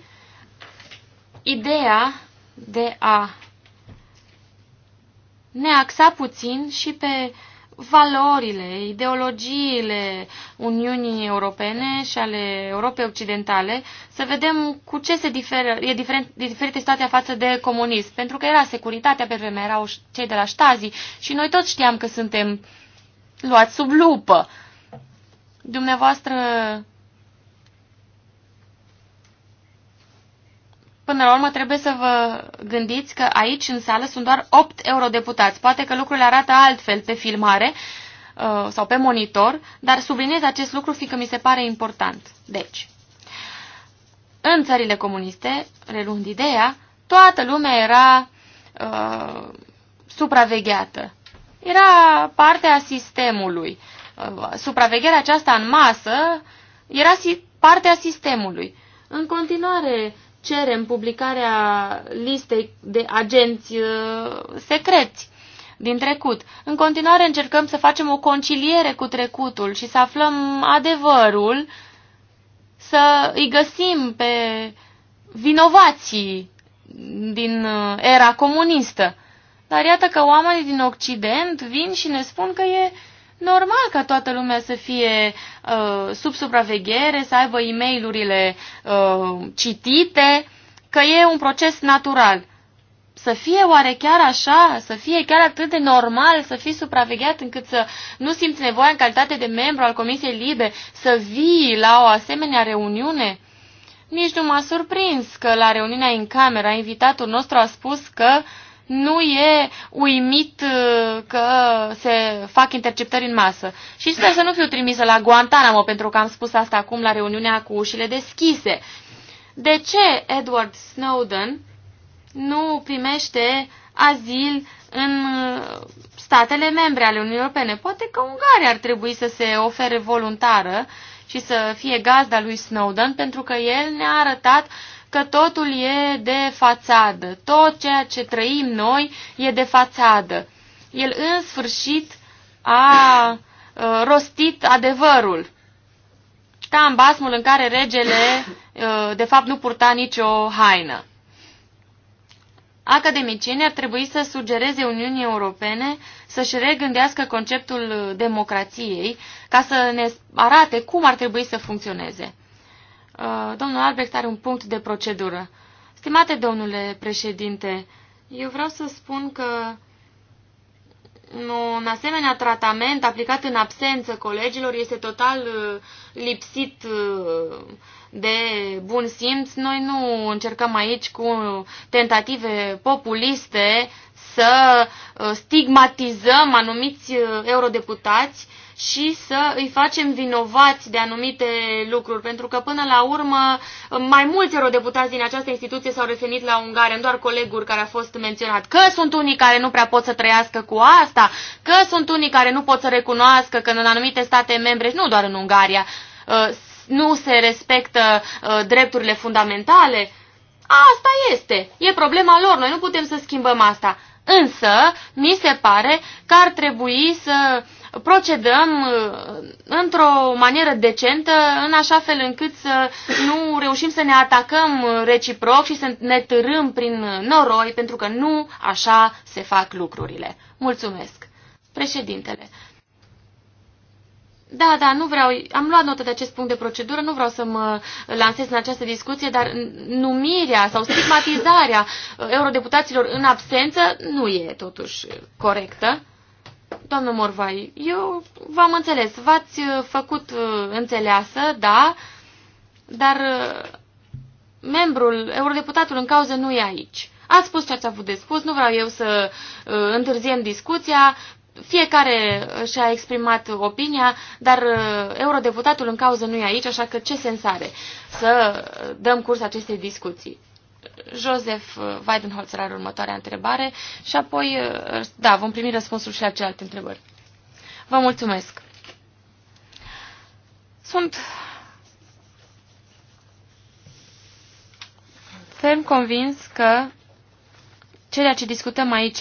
ideea de a ne axa puțin și pe valorile, ideologiile Uniunii Europene și ale Europei Occidentale, să vedem cu ce se diferă, e diferent, e diferite situația față de comunism. Pentru că era securitatea pe vremea, erau cei de la Stasi și noi toți știam că suntem luați sub lupă. Dumneavoastră Până la urmă trebuie să vă gândiți că aici în sală sunt doar 8 eurodeputați. Poate că lucrurile arată altfel pe filmare uh, sau pe monitor, dar subliniez acest lucru fiindcă mi se pare important. Deci, în țările comuniste, relund ideea, toată lumea era uh, supravegheată. Era parte a sistemului. Uh, supravegherea aceasta în masă era si parte a sistemului. În continuare, cerem publicarea listei de agenți uh, secreți din trecut. În continuare încercăm să facem o conciliere cu trecutul și să aflăm adevărul, să îi găsim pe vinovații din uh, era comunistă. Dar iată că oamenii din Occident vin și ne spun că e normal ca toată lumea să fie uh, sub supraveghere, să aibă e mail uh, citite, că e un proces natural. Să fie oare chiar așa, să fie chiar atât de normal să fii supravegheat încât să nu simți nevoia în calitate de membru al Comisiei Libe să vii la o asemenea reuniune? Nici nu m-a surprins că la reuniunea în cameră invitatul nostru a spus că uh, nu e uimit uh, că se fac interceptări în masă. Și sper să nu fiu trimisă la Guantanamo, pentru că am spus asta acum la reuniunea cu ușile deschise. De ce Edward Snowden nu primește azil în uh, statele membre ale Uniunii Europene? Poate că Ungaria ar trebui să se ofere voluntară și să fie gazda lui Snowden, pentru că el ne-a arătat că totul e de fațadă. Tot ceea ce trăim noi e de fațadă. El în sfârșit a rostit adevărul. Ca da, în basmul în care regele de fapt nu purta nicio haină. Academicienii ar trebui să sugereze Uniunii Europene să-și regândească conceptul democrației ca să ne arate cum ar trebui să funcționeze. Uh, domnul Albrecht are un punct de procedură. Stimate domnule președinte, eu vreau să spun că un asemenea tratament aplicat în absență colegilor este total uh, lipsit uh, de bun simț. Noi nu încercăm aici cu tentative populiste să stigmatizăm anumiți eurodeputați și să îi facem vinovați de anumite lucruri, pentru că până la urmă mai mulți eurodeputați din această instituție s-au referit la Ungaria, doar coleguri care a fost menționat, că sunt unii care nu prea pot să trăiască cu asta, că sunt unii care nu pot să recunoască că în anumite state membre, și nu doar în Ungaria, uh, nu se respectă uh, drepturile fundamentale. Asta este. E problema lor. Noi nu putem să schimbăm asta. Însă, mi se pare că ar trebui să uh, procedăm uh, într-o manieră decentă, în așa fel încât să nu reușim să ne atacăm uh, reciproc și să ne târâm prin uh, noroi, pentru că nu așa se fac lucrurile. Mulțumesc. Președintele. Da, da, nu vreau, am luat notă de acest punct de procedură, nu vreau să mă lansez în această discuție, dar numirea sau stigmatizarea eurodeputaților în absență nu e totuși corectă. Doamnă Morvai, eu v-am înțeles, v-ați uh, făcut uh, înțeleasă, da, dar uh, membrul, eurodeputatul în cauză nu e aici. Ați spus ce ați avut de spus, nu vreau eu să uh, întârziem discuția, fiecare și-a exprimat opinia, dar uh, eurodeputatul în cauză nu e aici, așa că ce sens are să dăm curs acestei discuții? Joseph Weidenholzer are următoarea întrebare și apoi, da, vom primi răspunsul și la celelalte întrebări. Vă mulțumesc! Sunt ferm convins că ceea ce discutăm aici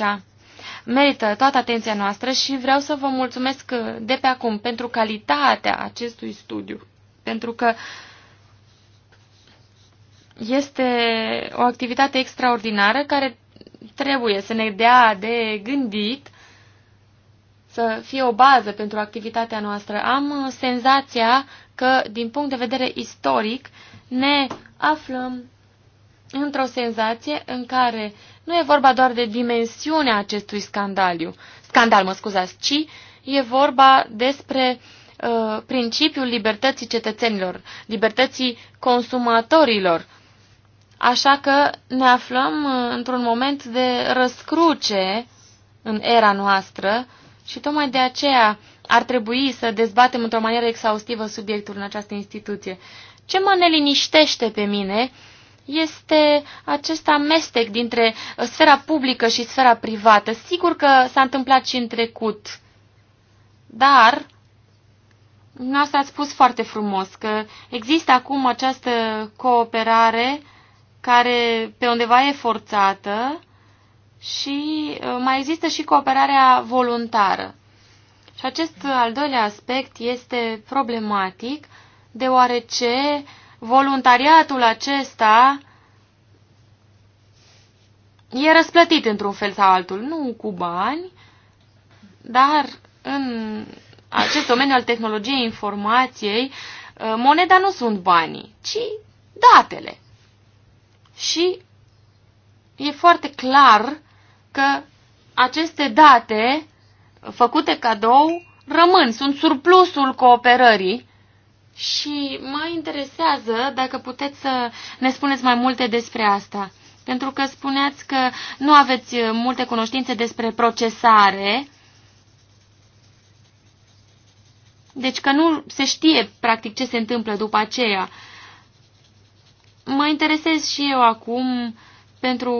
merită toată atenția noastră și vreau să vă mulțumesc de pe acum pentru calitatea acestui studiu, pentru că uh, este o activitate extraordinară care trebuie să ne dea de gândit, să fie o bază pentru activitatea noastră. Am senzația că, din punct de vedere istoric, ne aflăm într-o senzație în care nu e vorba doar de dimensiunea acestui scandaliu, scandal, mă scuzați, ci e vorba despre uh, principiul libertății cetățenilor, libertății consumatorilor, Așa că ne aflăm uh, într-un moment de răscruce în era noastră și tocmai de aceea ar trebui să dezbatem într-o manieră exhaustivă subiectul în această instituție. Ce mă neliniștește pe mine este acest amestec dintre sfera publică și sfera privată. Sigur că s-a întâmplat și în trecut, dar Noastră ați spus foarte frumos că există acum această cooperare care pe undeva e forțată și uh, mai există și cooperarea voluntară. Și acest al doilea aspect este problematic deoarece voluntariatul acesta e răsplătit într-un fel sau altul, nu cu bani, dar în acest domeniu al tehnologiei informației, uh, moneda nu sunt banii, ci datele și e foarte clar că aceste date făcute cadou rămân, sunt surplusul cooperării și mă interesează dacă puteți să ne spuneți mai multe despre asta. Pentru că spuneați că nu aveți multe cunoștințe despre procesare, deci că nu se știe practic ce se întâmplă după aceea. Mă interesez și eu acum pentru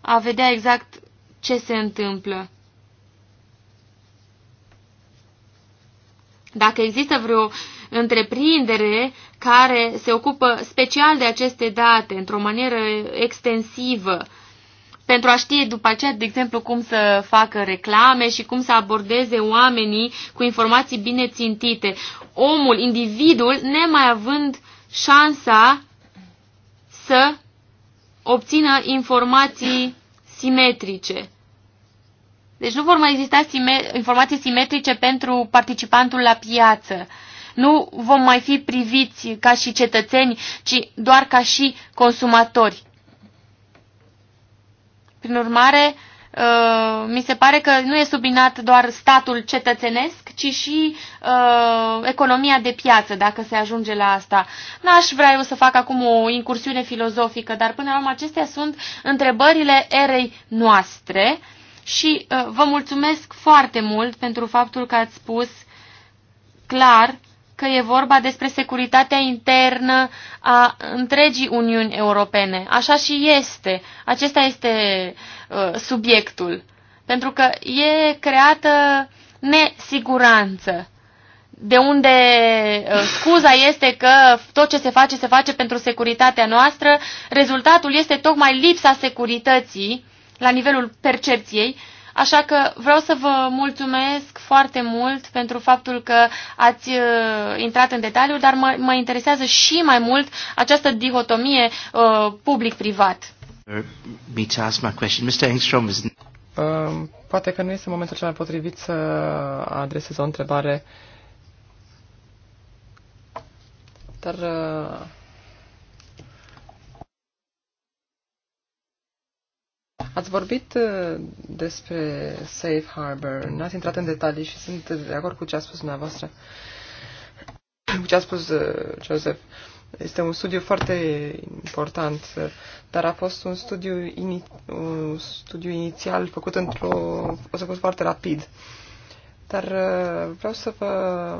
a vedea exact ce se întâmplă. Dacă există vreo întreprindere care se ocupă special de aceste date, într-o manieră extensivă, pentru a ști după aceea, de exemplu, cum să facă reclame și cum să abordeze oamenii cu informații bine țintite. Omul, individul, nemai având șansa să obțină informații simetrice. Deci nu vor mai exista sime informații simetrice pentru participantul la piață. Nu vom mai fi priviți ca și cetățeni, ci doar ca și consumatori. Prin urmare, Uh, mi se pare că nu e subminat doar statul cetățenesc, ci și uh, economia de piață, dacă se ajunge la asta. N-aș vrea eu să fac acum o incursiune filozofică, dar până la urmă acestea sunt întrebările erei noastre și uh, vă mulțumesc foarte mult pentru faptul că ați spus clar că e vorba despre securitatea internă a întregii Uniuni Europene. Așa și este. Acesta este uh, subiectul. Pentru că e creată nesiguranță. De unde uh, scuza este că tot ce se face, se face pentru securitatea noastră, rezultatul este tocmai lipsa securității la nivelul percepției uh, Așa că vreau să vă mulțumesc foarte mult pentru faptul că ați uh, intrat în detaliu, dar mă, mă interesează și mai mult această dihotomie uh, public-privat. Uh, um, poate că nu este momentul cel mai potrivit să adresez o întrebare, dar uh, Ați vorbit uh, despre Safe Harbor, n-ați intrat în detalii și sunt de acord cu ce a spus dumneavoastră, cu ce a spus uh, Joseph. Este un studiu foarte important, uh, dar a fost un studiu, ini, un studiu inițial făcut într-o... o să fost foarte rapid. Dar vreau să vă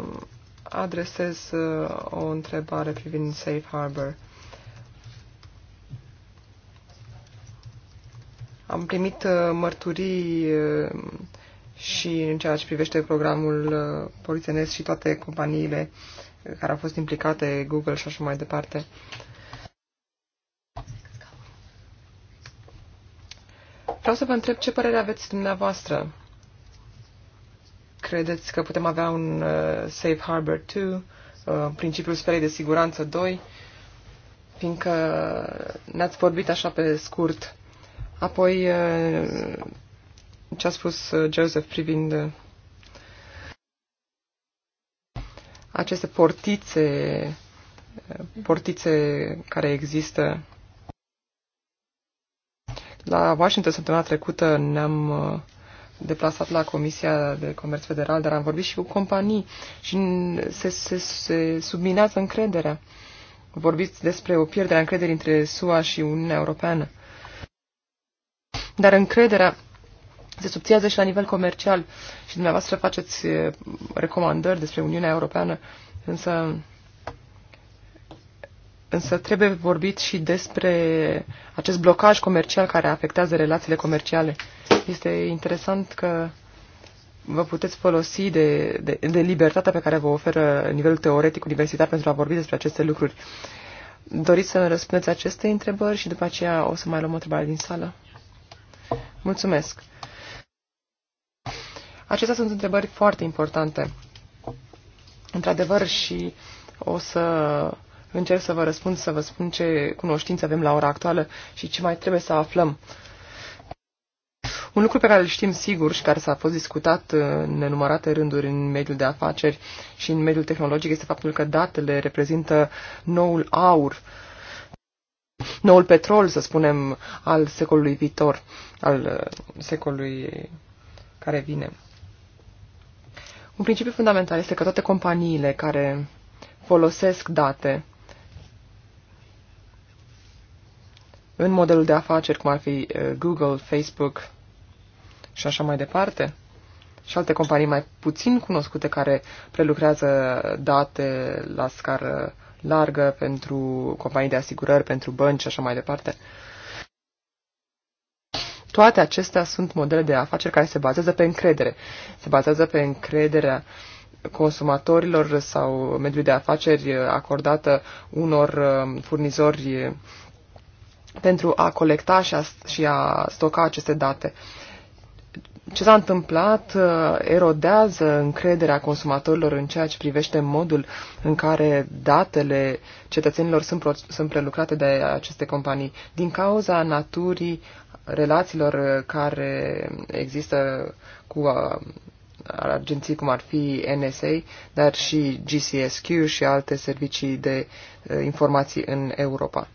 adresez o întrebare privind Safe Harbor. Am primit uh, mărturii uh, și în ceea ce privește programul uh, polițenesc și toate companiile care au fost implicate, Google și așa mai departe. Vreau să vă întreb ce părere aveți dumneavoastră. Credeți că putem avea un uh, Safe Harbor 2, uh, principiul sperei de siguranță 2, fiindcă ne-ați vorbit așa pe scurt Apoi, ce a spus Joseph privind aceste portițe, portițe care există. La Washington săptămâna trecută ne-am deplasat la Comisia de Comerț Federal, dar am vorbit și cu companii și se, se, se subminează încrederea. Vorbiți despre o pierdere a încrederii între SUA și Uniunea Europeană. Dar încrederea se subțiază și la nivel comercial și dumneavoastră faceți eh, recomandări despre Uniunea Europeană, însă, însă trebuie vorbit și despre acest blocaj comercial care afectează relațiile comerciale. Este interesant că vă puteți folosi de, de, de libertatea pe care vă oferă nivelul teoretic universitar pentru a vorbi despre aceste lucruri. Doriți să răspundeți aceste întrebări și după aceea o să mai luăm o întrebare din sală. Mulțumesc. Acestea sunt întrebări foarte importante. Într-adevăr și o să încerc să vă răspund, să vă spun ce cunoștințe avem la ora actuală și ce mai trebuie să aflăm. Un lucru pe care îl știm sigur și care s-a fost discutat în nenumărate rânduri în mediul de afaceri și în mediul tehnologic este faptul că datele reprezintă noul aur, noul petrol, să spunem, al secolului viitor al uh, secolului care vine. Un principiu fundamental este că toate companiile care folosesc date în modelul de afaceri, cum ar fi uh, Google, Facebook și așa mai departe, și alte companii mai puțin cunoscute care prelucrează date la scară largă pentru companii de asigurări, pentru bănci și așa mai departe, uh, toate acestea sunt modele de afaceri care se bazează pe încredere. Se bazează pe încrederea consumatorilor sau mediului de afaceri acordată unor um, furnizori eh, pentru a colecta și a, și a stoca aceste date. Ce s-a întâmplat eh, erodează încrederea consumatorilor în ceea ce privește modul în care datele cetățenilor sunt, sunt prelucrate de aceste companii din cauza naturii relațiilor uh, care există cu uh, agenții cum ar fi NSA, dar și GCSQ și alte servicii de uh, informații în Europa.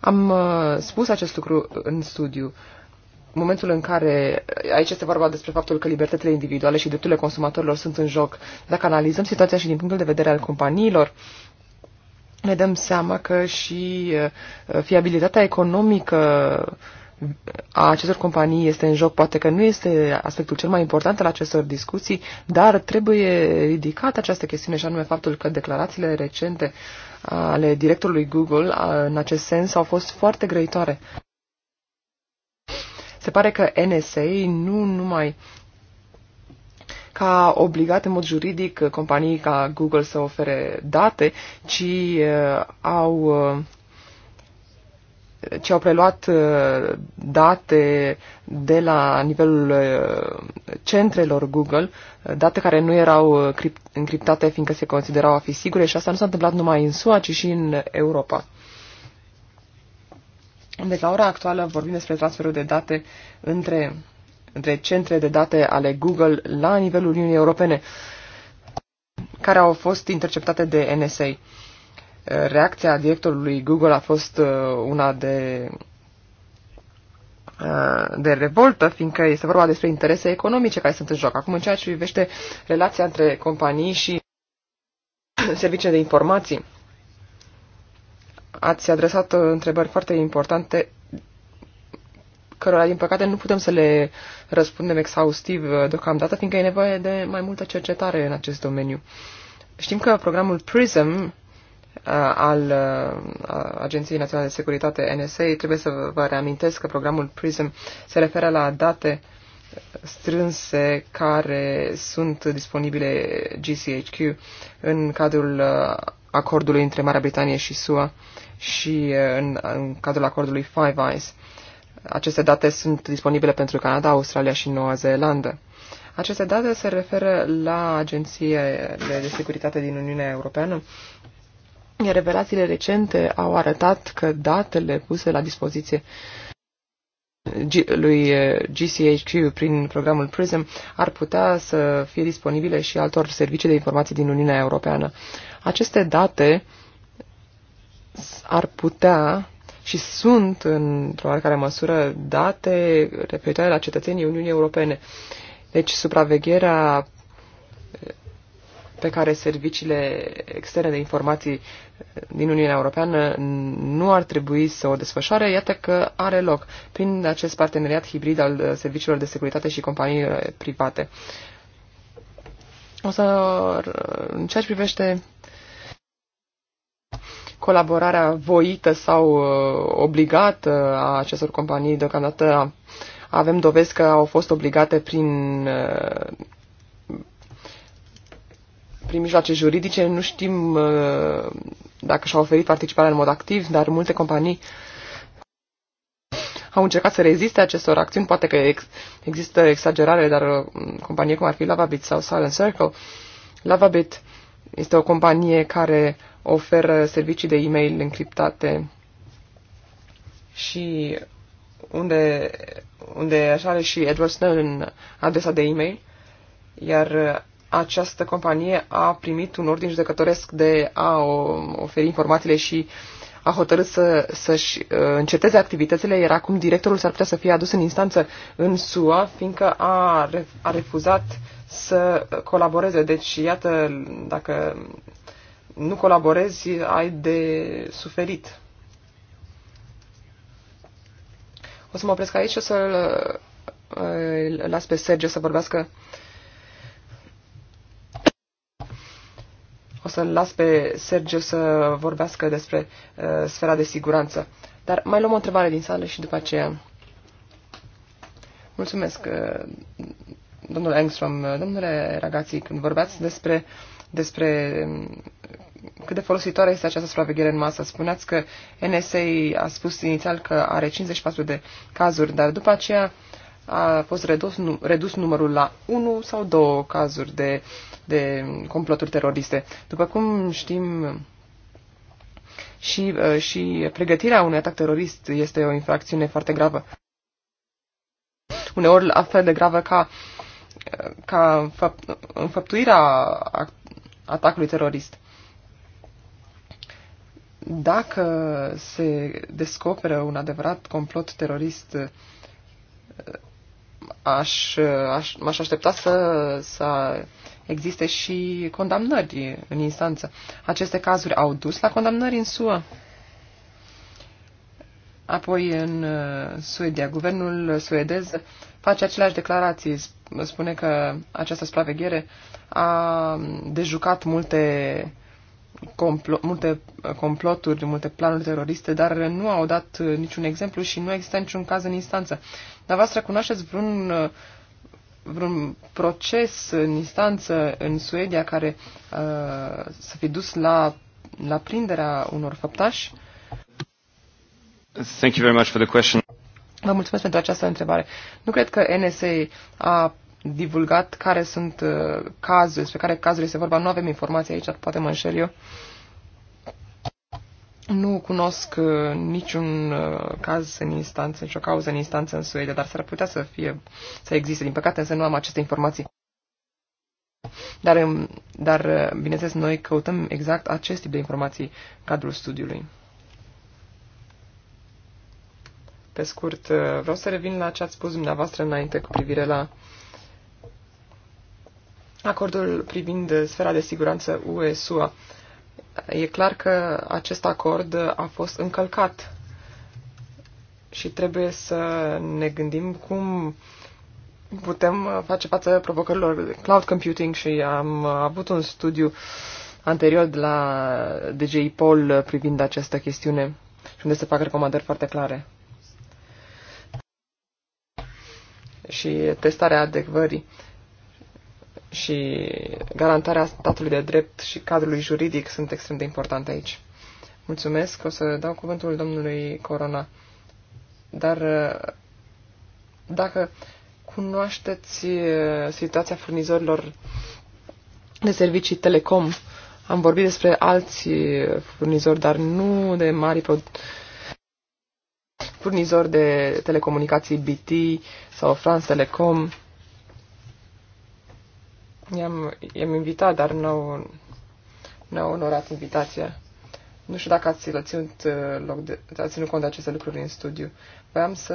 Am spus acest lucru în studiu. Momentul în care, aici este vorba despre faptul că libertățile individuale și drepturile consumatorilor sunt în joc, dacă analizăm situația și din punctul de vedere al companiilor, ne dăm seama că și fiabilitatea economică a acestor companii este în joc. Poate că nu este aspectul cel mai important al acestor discuții, dar trebuie ridicată această chestiune și anume faptul că declarațiile recente ale directorului Google în acest sens au fost foarte grăitoare. Se pare că NSA nu numai ca obligat în mod juridic companii ca Google să ofere date, ci uh, au uh, ci au preluat uh, date de la nivelul centrelor Google, date care nu erau încriptate fiindcă se considerau a fi sigure și asta nu s-a întâmplat numai în SUA, ci și în Europa. Deci, la ora actuală vorbim despre transferul de date între între centre de date ale Google la nivelul Uniunii Europene, care au fost interceptate de NSA. Reacția directorului Google a fost uh, una de uh, de revoltă, fiindcă este vorba despre interese economice care sunt în joc. Acum, în ceea ce privește relația între companii și servicii de informații, ați adresat uh, întrebări foarte importante cărora, din păcate, nu putem să le răspundem exhaustiv uh, deocamdată, fiindcă e nevoie de mai multă cercetare în acest domeniu. Știm că programul PRISM uh, al uh, Agenției Naționale de Securitate NSA, trebuie să vă reamintesc că programul PRISM se referă la date strânse care sunt disponibile GCHQ în cadrul acordului între Marea Britanie și SUA și în, în cadrul acordului Five Eyes. Aceste date sunt disponibile pentru Canada, Australia și Noua Zeelandă. Aceste date se referă la agențiile de securitate din Uniunea Europeană, revelațiile recente au arătat că datele puse la dispoziție lui GCHQ prin programul PRISM ar putea să fie disponibile și altor servicii de informații din Uniunea Europeană. Aceste date ar putea și sunt, într-o oarecare măsură, date referitoare la cetățenii Uniunii Europene. Deci, supravegherea pe care serviciile externe de informații din Uniunea Europeană nu ar trebui să o desfășoare, iată că are loc prin acest parteneriat hibrid al serviciilor de securitate și companiilor private. O să, în ceea ce privește colaborarea voită sau uh, obligată a acestor companii. Deocamdată avem dovezi că au fost obligate prin uh, prin mijloace juridice. Nu știm uh, dacă și-au oferit participarea în mod activ, dar multe companii au încercat să reziste acestor acțiuni. Poate că ex- există exagerare, dar companie cum ar fi Lavabit sau Silent Circle, Lavabit este o companie care oferă servicii de e-mail încriptate și unde, unde așa are și Edward Snowden adresa de e-mail, iar această companie a primit un ordin judecătoresc de a oferi informațiile și a hotărât să, să-și uh, înceteze activitățile, iar acum directorul s-ar putea să fie adus în instanță în SUA, fiindcă a, a refuzat să colaboreze. Deci, iată, dacă nu colaborezi, ai de suferit. O să mă opresc aici și o să las pe Sergio să vorbească. O să las pe Sergio să vorbească despre uh, sfera de siguranță. Dar mai luăm o întrebare din sală și după aceea. Mulțumesc, uh, domnule Engstrom. Domnule Ragații, când vorbeați despre uh, despre mm, cât de folositoare este această supraveghere în masă. Spuneați că NSA a spus inițial că are 54 de cazuri, dar după aceea a fost redus, nu, redus numărul la 1 sau 2 cazuri de, de comploturi teroriste. După cum știm, și, uh, și pregătirea unui atac terorist este o infracțiune foarte gravă. Uneori la fel de gravă ca, uh, ca înfăptuirea atacului terorist. Dacă se descoperă un adevărat complot terorist, aș, aș, m-aș aștepta să, să existe și condamnări în instanță. Aceste cazuri au dus la condamnări în SUA? Apoi, în uh, Suedia, guvernul suedez face aceleași declarații. Spune că această supraveghere a dejucat multe, complo- multe uh, comploturi, multe planuri teroriste, dar nu au dat uh, niciun exemplu și nu există niciun caz în instanță. Dar voastră cunoașteți vreun vreun proces în instanță în Suedia care uh, să fi dus la, la prinderea unor făptași? Thank you very much for the question. Vă mulțumesc pentru această întrebare. Nu cred că NSA a divulgat care sunt uh, cazuri, despre care cazuri se vorba. Nu avem informații aici, poate mă înșel eu. Nu cunosc uh, niciun uh, caz în instanță, nicio cauză în instanță în Suedia, dar s-ar putea să fie, să existe. Din păcate, însă nu am aceste informații. Dar, um, dar uh, bineînțeles, noi căutăm exact acest tip de informații în cadrul studiului. Pe scurt, vreau să revin la ce ați spus dumneavoastră înainte cu privire la acordul privind sfera de siguranță UE-SUA. E clar că acest acord a fost încălcat și trebuie să ne gândim cum putem face față provocărilor cloud computing și am avut un studiu anterior de la DJI Pol privind această chestiune și unde se fac recomandări foarte clare. și testarea adecvării și garantarea statului de drept și cadrului juridic sunt extrem de importante aici. Mulțumesc, o să dau cuvântul domnului Corona. Dar uh, dacă cunoașteți uh, situația furnizorilor de servicii telecom, am vorbit despre alți furnizori, dar nu de mari producători furnizori de telecomunicații BT sau France Telecom. I-am, i-am invitat, dar nu au, nu onorat invitația. Nu știu dacă ați ținut, uh, loc de, ați ținut cont de aceste lucruri în studiu. Vreau să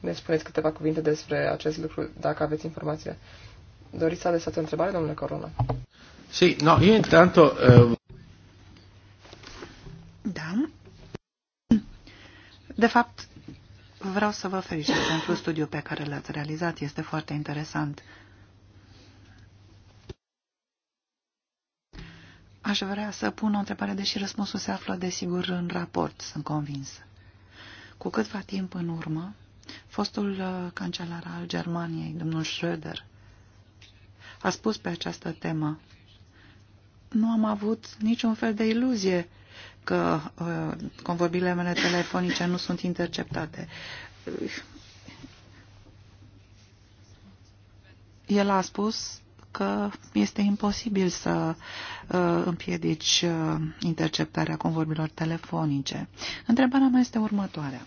ne spuneți câteva cuvinte despre acest lucru, dacă aveți informație. Doriți să adresați o întrebare, domnule Corona? sí, no, io intanto... Uh... Da. De fapt, vreau să vă felicit pentru studiul pe care l-ați realizat. Este foarte interesant. Aș vrea să pun o întrebare, deși răspunsul se află, desigur, în raport, sunt convinsă. Cu câtva timp în urmă, fostul uh, cancelar al Germaniei, domnul Schröder, a spus pe această temă, nu am avut niciun fel de iluzie că uh, convorbirile mele telefonice nu sunt interceptate. El a spus că este imposibil să uh, împiedici uh, interceptarea convorbirilor telefonice. Întrebarea mea este următoarea.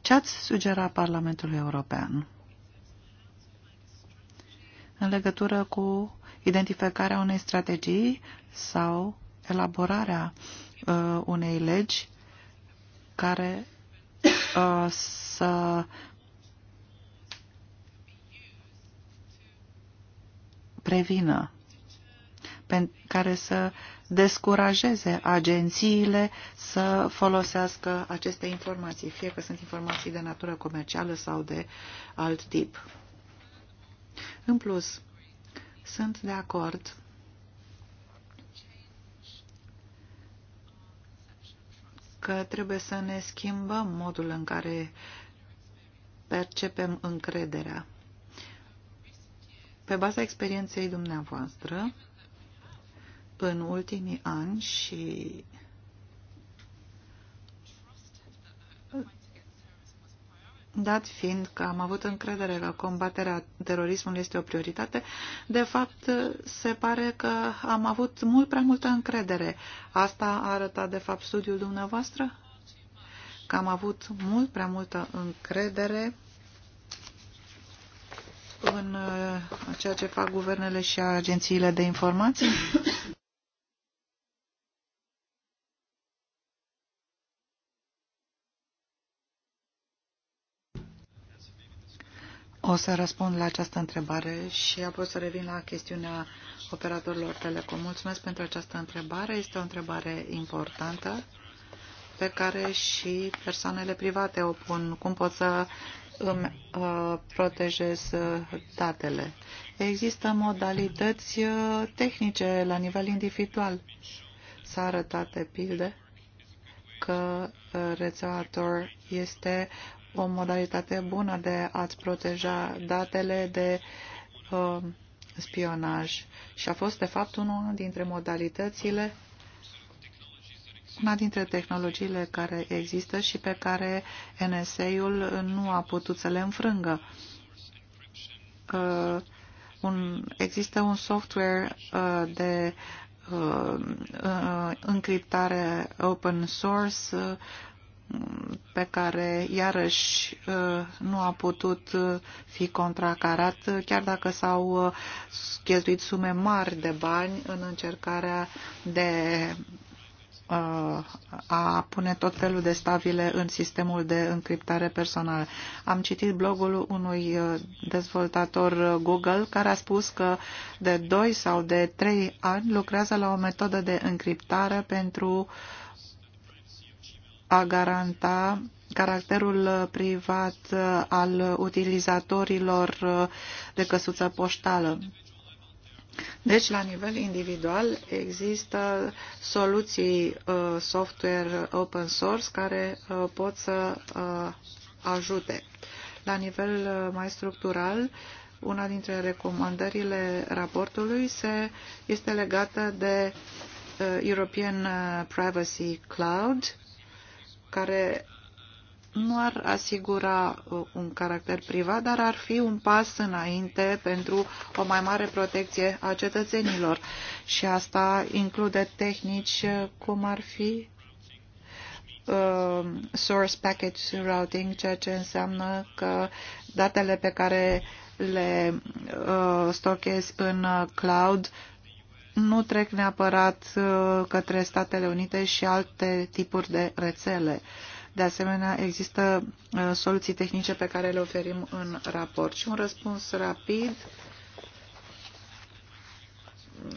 Ce ați sugera Parlamentului European în legătură cu identificarea unei strategii sau elaborarea uh, unei legi care uh, să prevină, care să descurajeze agențiile să folosească aceste informații, fie că sunt informații de natură comercială sau de alt tip. În plus, sunt de acord că trebuie să ne schimbăm modul în care percepem încrederea. Pe baza experienței dumneavoastră, în ultimii ani și dat fiind că am avut încredere că combaterea terorismului este o prioritate, de fapt se pare că am avut mult prea multă încredere. Asta a arătat de fapt studiul dumneavoastră? Că am avut mult prea multă încredere în uh, ceea ce fac guvernele și agențiile de informații? O să răspund la această întrebare și apoi să revin la chestiunea operatorilor telecom. Mulțumesc pentru această întrebare. Este o întrebare importantă pe care și persoanele private o pun. Cum pot să îmi uh, protejez uh, datele? Există modalități uh, tehnice la nivel individual. S-a arătat de pilde că uh, rețeaua Tor este o modalitate bună de a-ți proteja datele de uh, spionaj și a fost, de fapt, una dintre modalitățile, una dintre tehnologiile care există și pe care NSA-ul nu a putut să le înfrângă. Uh, un, există un software uh, de uh, uh, încriptare open source uh, pe care iarăși uh, nu a putut uh, fi contracarat, chiar dacă s-au uh, cheltuit sume mari de bani în încercarea de a pune tot felul de stabile în sistemul de încriptare personală. Am citit blogul unui dezvoltator Google care a spus că de 2 sau de 3 ani lucrează la o metodă de încriptare pentru uh, a garanta caracterul privat al utilizatorilor de căsuță poștală. Deci, la nivel individual, există soluții uh, software open source care uh, pot să uh, ajute. La nivel mai structural, una dintre recomandările raportului se, este legată de European Privacy Cloud, care nu ar asigura uh, un caracter privat, dar ar fi un pas înainte pentru o mai mare protecție a cetățenilor. Și asta include tehnici uh, cum ar fi uh, source package routing, ceea ce înseamnă că datele pe care le uh, stochezi în uh, cloud uh, nu trec neapărat uh, către Statele Unite și alte tipuri de rețele. De asemenea, există uh, soluții tehnice pe care le oferim în raport. Și un răspuns rapid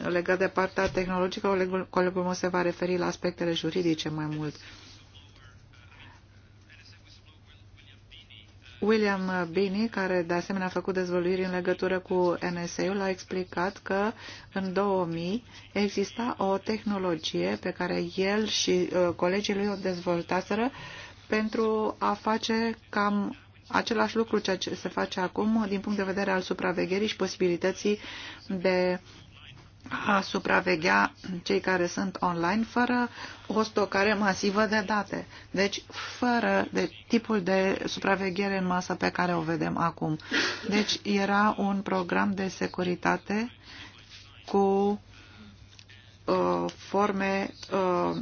legat de partea tehnologică, colegul, meu se va referi la aspectele juridice mai mult. Uh, William Bini, care de asemenea a făcut dezvăluiri în legătură cu NSA-ul, a explicat că în 2000 exista o tehnologie pe care el și uh, colegii lui o dezvoltaseră pentru a face cam același lucru ceea ce se face acum din punct de vedere al supravegherii și posibilității de a supraveghea cei care sunt online fără o stocare masivă de date. Deci, fără de tipul de supraveghere în masă pe care o vedem acum. Deci, era un program de securitate cu uh, forme uh,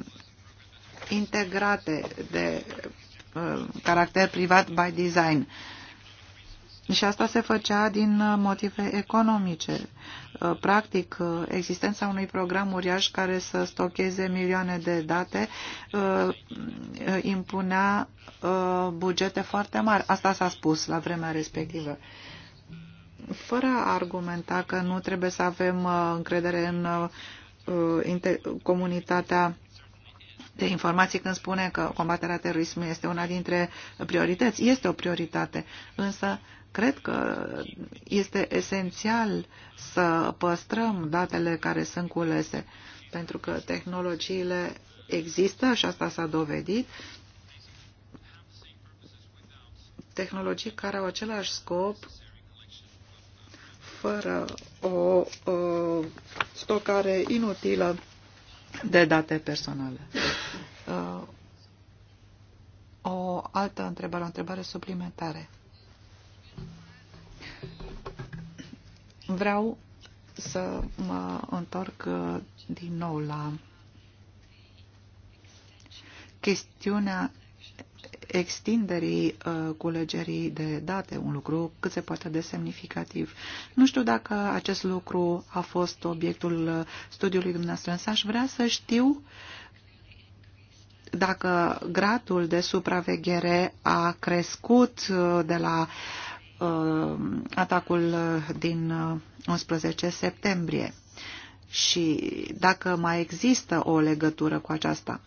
integrate de uh, caracter privat by design. Uh, și asta se făcea din uh, motive economice. Uh, practic, uh, existența unui program uriaș care să stocheze milioane de date impunea bugete foarte mari. Asta s-a spus la vremea respectivă fără a argumenta că nu trebuie să avem încredere în comunitatea de informații când spune că combaterea terorismului este una dintre priorități. Este o prioritate, însă Cred că este esențial să păstrăm datele care sunt culese, pentru că tehnologiile există și asta s-a dovedit, tehnologii care au același scop fără o, o stocare inutilă de date personale. Uh, o altă întrebare, o întrebare suplimentare. Vreau să mă întorc uh, din nou la chestiunea extinderii uh, culegerii de date, un lucru cât se poate de semnificativ. Nu știu dacă acest lucru a fost obiectul uh, studiului dumneavoastră, însă aș vrea să știu dacă gradul de supraveghere a crescut de la Uh, atacul uh, din 11 uh, septembrie și dacă mai există o legătură cu aceasta.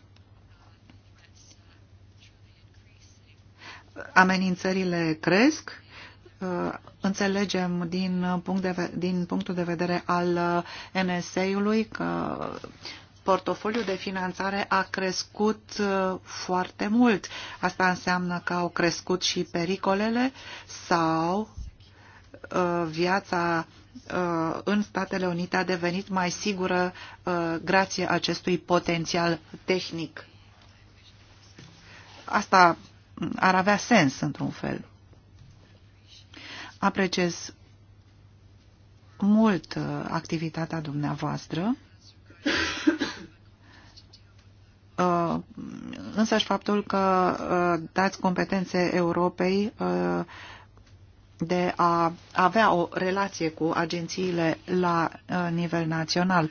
Amenințările cresc, înțelegem din, punct de, din punctul de vedere al NSA-ului că portofoliul de finanțare a crescut uh, foarte mult. Asta înseamnă că au crescut și pericolele sau uh, viața uh, în Statele Unite a devenit mai sigură grație acestui potențial tehnic. Asta mm, ar avea sens într-un fel. Apreciez mult activitatea dumneavoastră Uh, însăși faptul că uh, dați competențe Europei uh, de a avea o relație cu agențiile la nivel național.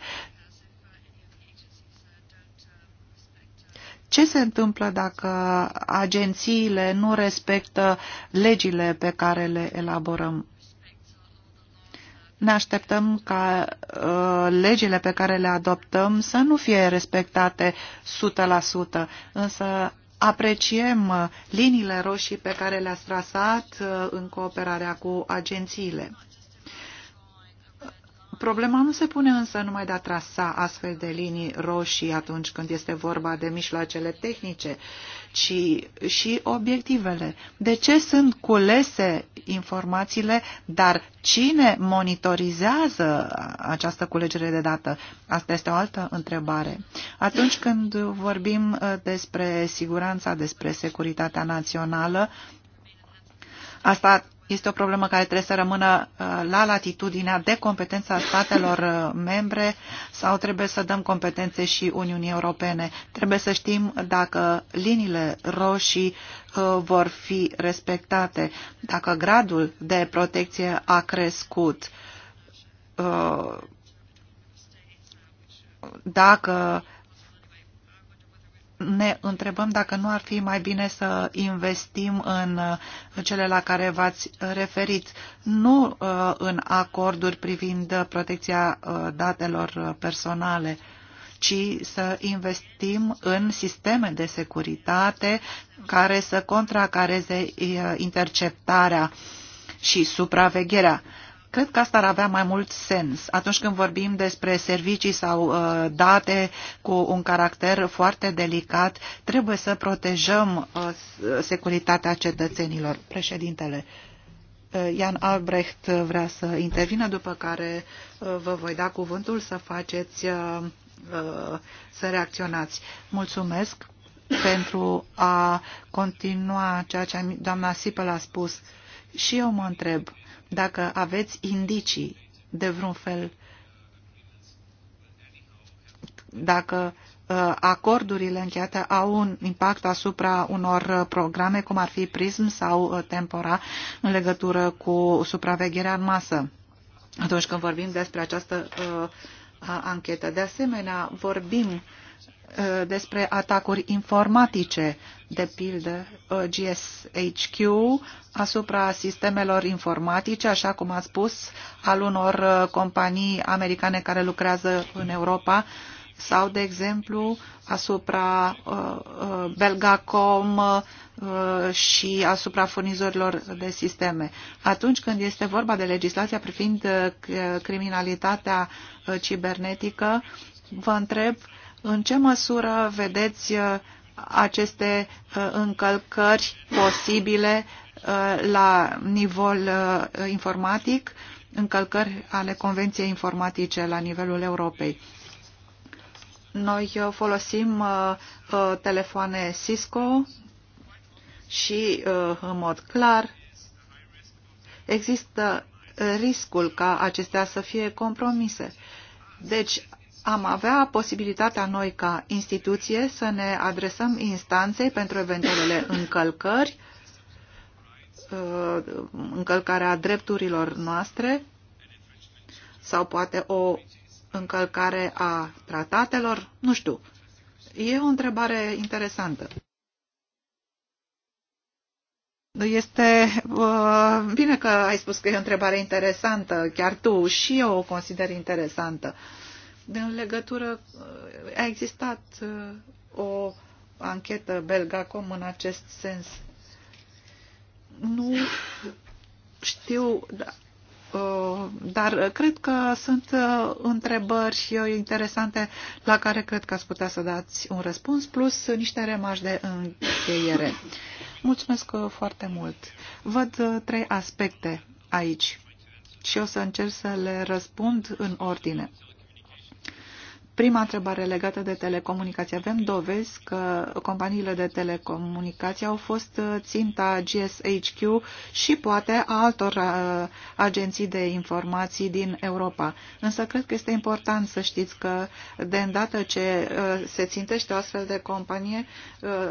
Ce se întâmplă dacă agențiile nu respectă legile pe care le elaborăm? ne așteptăm ca uh, legile pe care le adoptăm să nu fie respectate 100%, însă apreciem uh, liniile roșii pe care le-ați trasat uh, în cooperarea cu agențiile. Problema nu se pune însă numai de a trasa astfel de linii roșii atunci când este vorba de mijloacele tehnice, ci și obiectivele. De ce sunt culese informațiile, dar cine monitorizează această culegere de dată? Asta este o altă întrebare. Atunci când vorbim uh, despre siguranța, despre securitatea națională, asta este o problemă care trebuie să rămână uh, la latitudinea de competență a statelor uh, membre sau trebuie să dăm competențe și Uniunii Europene. Trebuie să știm dacă liniile roșii uh, vor fi respectate, dacă gradul de protecție a crescut, dacă ne întrebăm dacă nu ar fi mai bine să investim în cele la care v-ați referit, nu uh, în acorduri privind protecția uh, datelor uh, personale, ci să investim în sisteme de securitate care să contracareze interceptarea și supravegherea. Cred că asta ar avea mai mult sens atunci când vorbim despre servicii sau uh, date cu un caracter foarte delicat. Trebuie să protejăm uh, securitatea cetățenilor. Președintele uh, Ian Albrecht vrea să intervină, după care uh, vă voi da cuvântul să faceți, uh, uh, să reacționați. Mulțumesc pentru a continua ceea ce doamna Sipel a spus. Și eu mă întreb, dacă aveți indicii de vreun fel, dacă uh, acordurile încheiate au un impact asupra unor uh, programe, cum ar fi PRISM sau uh, Tempora, în legătură cu supravegherea în masă, atunci când vorbim despre această uh, anchetă. De asemenea, vorbim uh, Uh, despre atacuri informatice, de pildă uh, GSHQ, asupra sistemelor informatice, așa cum a spus, al unor uh, companii americane care lucrează în Europa, sau, de exemplu, asupra Belgacom și asupra furnizorilor de sisteme. Atunci când este vorba de legislația privind criminalitatea cibernetică, vă întreb în ce măsură vedeți uh, aceste uh, încălcări posibile uh, la nivel informatic, încălcări ale Convenției Informatice la nivelul Europei? Noi folosim telefoane Cisco și, în mod clar, există riscul ca acestea să fie compromise. Deci am avea posibilitatea noi ca instituție să ne adresăm instanței pentru eventualele încălcări, uh, încălcarea drepturilor noastre sau poate o încălcare a tratatelor, nu știu. E o întrebare interesantă. Este uh, bine că ai spus că e o întrebare interesantă, chiar tu și eu o consider interesantă. Uh, în legătură, a existat uh, o anchetă Belgacom în acest sens. Nu știu, da, uh, dar cred că sunt uh, întrebări interesante la care cred că ați putea să dați un răspuns, plus niște remarci de încheiere. Mulțumesc foarte mult. Văd trei aspecte aici și o să încerc să le răspund în ordine. Prima întrebare legată de telecomunicații. Avem dovezi că companiile de telecomunicații au fost uh, ținta GSHQ și poate a altor uh, agenții de informații din Europa. Însă cred că este important să știți că de îndată ce uh, se țintește o astfel de companie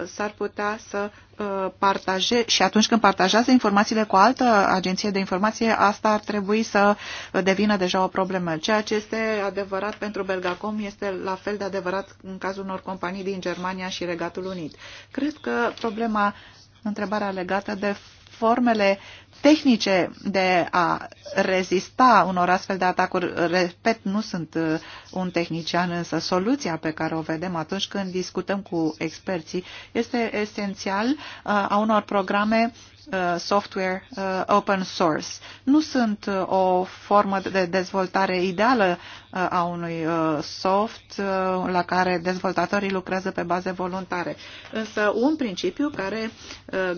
s-ar putea să Uh, partaje, și atunci când partajează informațiile cu o altă agenție de informație, asta ar trebui să devină deja o problemă. Ceea ce este adevărat pentru Belgacom este la fel de adevărat în cazul unor companii din Germania și Regatul Unit. Cred că problema, întrebarea legată de formele tehnice de a rezista unor astfel de atacuri, repet, nu sunt uh, un tehnician, însă soluția pe care o vedem atunci când discutăm cu experții este esențial uh, a unor programe uh, software open source. Nu sunt o formă de dezvoltare ideală a unui soft la care dezvoltatorii lucrează pe baze voluntare, însă un principiu care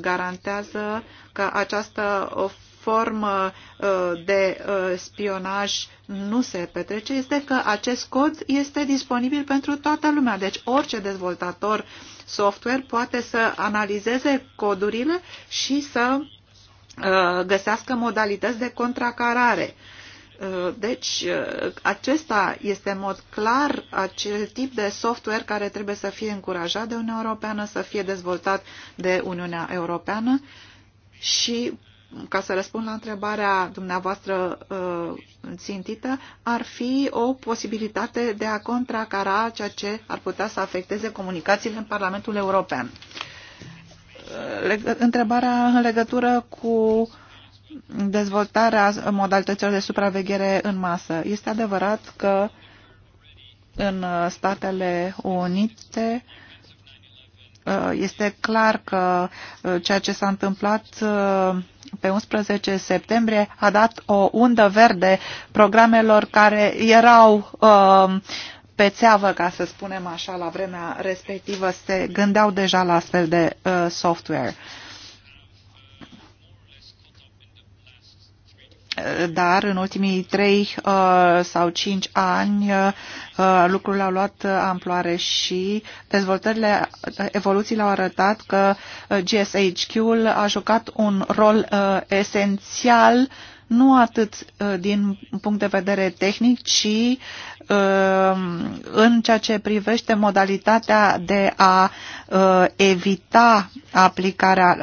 garantează că această o formă uh, de uh, spionaj nu se petrece este că acest cod este disponibil pentru toată lumea. Deci orice dezvoltator software poate să analizeze codurile și să uh, găsească modalități de contracarare. Deci, acesta este în mod clar acel tip de software care trebuie să fie încurajat de Uniunea Europeană, să fie dezvoltat de Uniunea Europeană și ca să răspund la întrebarea dumneavoastră uh, țintită, ar fi o posibilitate de a contracara ceea ce ar putea să afecteze comunicațiile în Parlamentul European. Uh, întrebarea în legătură cu dezvoltarea modalităților de supraveghere în masă. Este adevărat că în Statele Unite uh, este clar că ceea ce s-a întâmplat pe 11 septembrie a dat o undă verde programelor care erau uh, pe țeavă, ca să spunem așa, la vremea respectivă, se gândeau deja la astfel de uh, software. Uh, dar în ultimii trei uh, sau cinci ani uh, lucrurile au luat amploare și dezvoltările, evoluțiile au arătat că uh, GSHQ-ul a jucat un rol esențial nu atât din punct de vedere tehnic, ci în ceea ce privește modalitatea de a evita aplicarea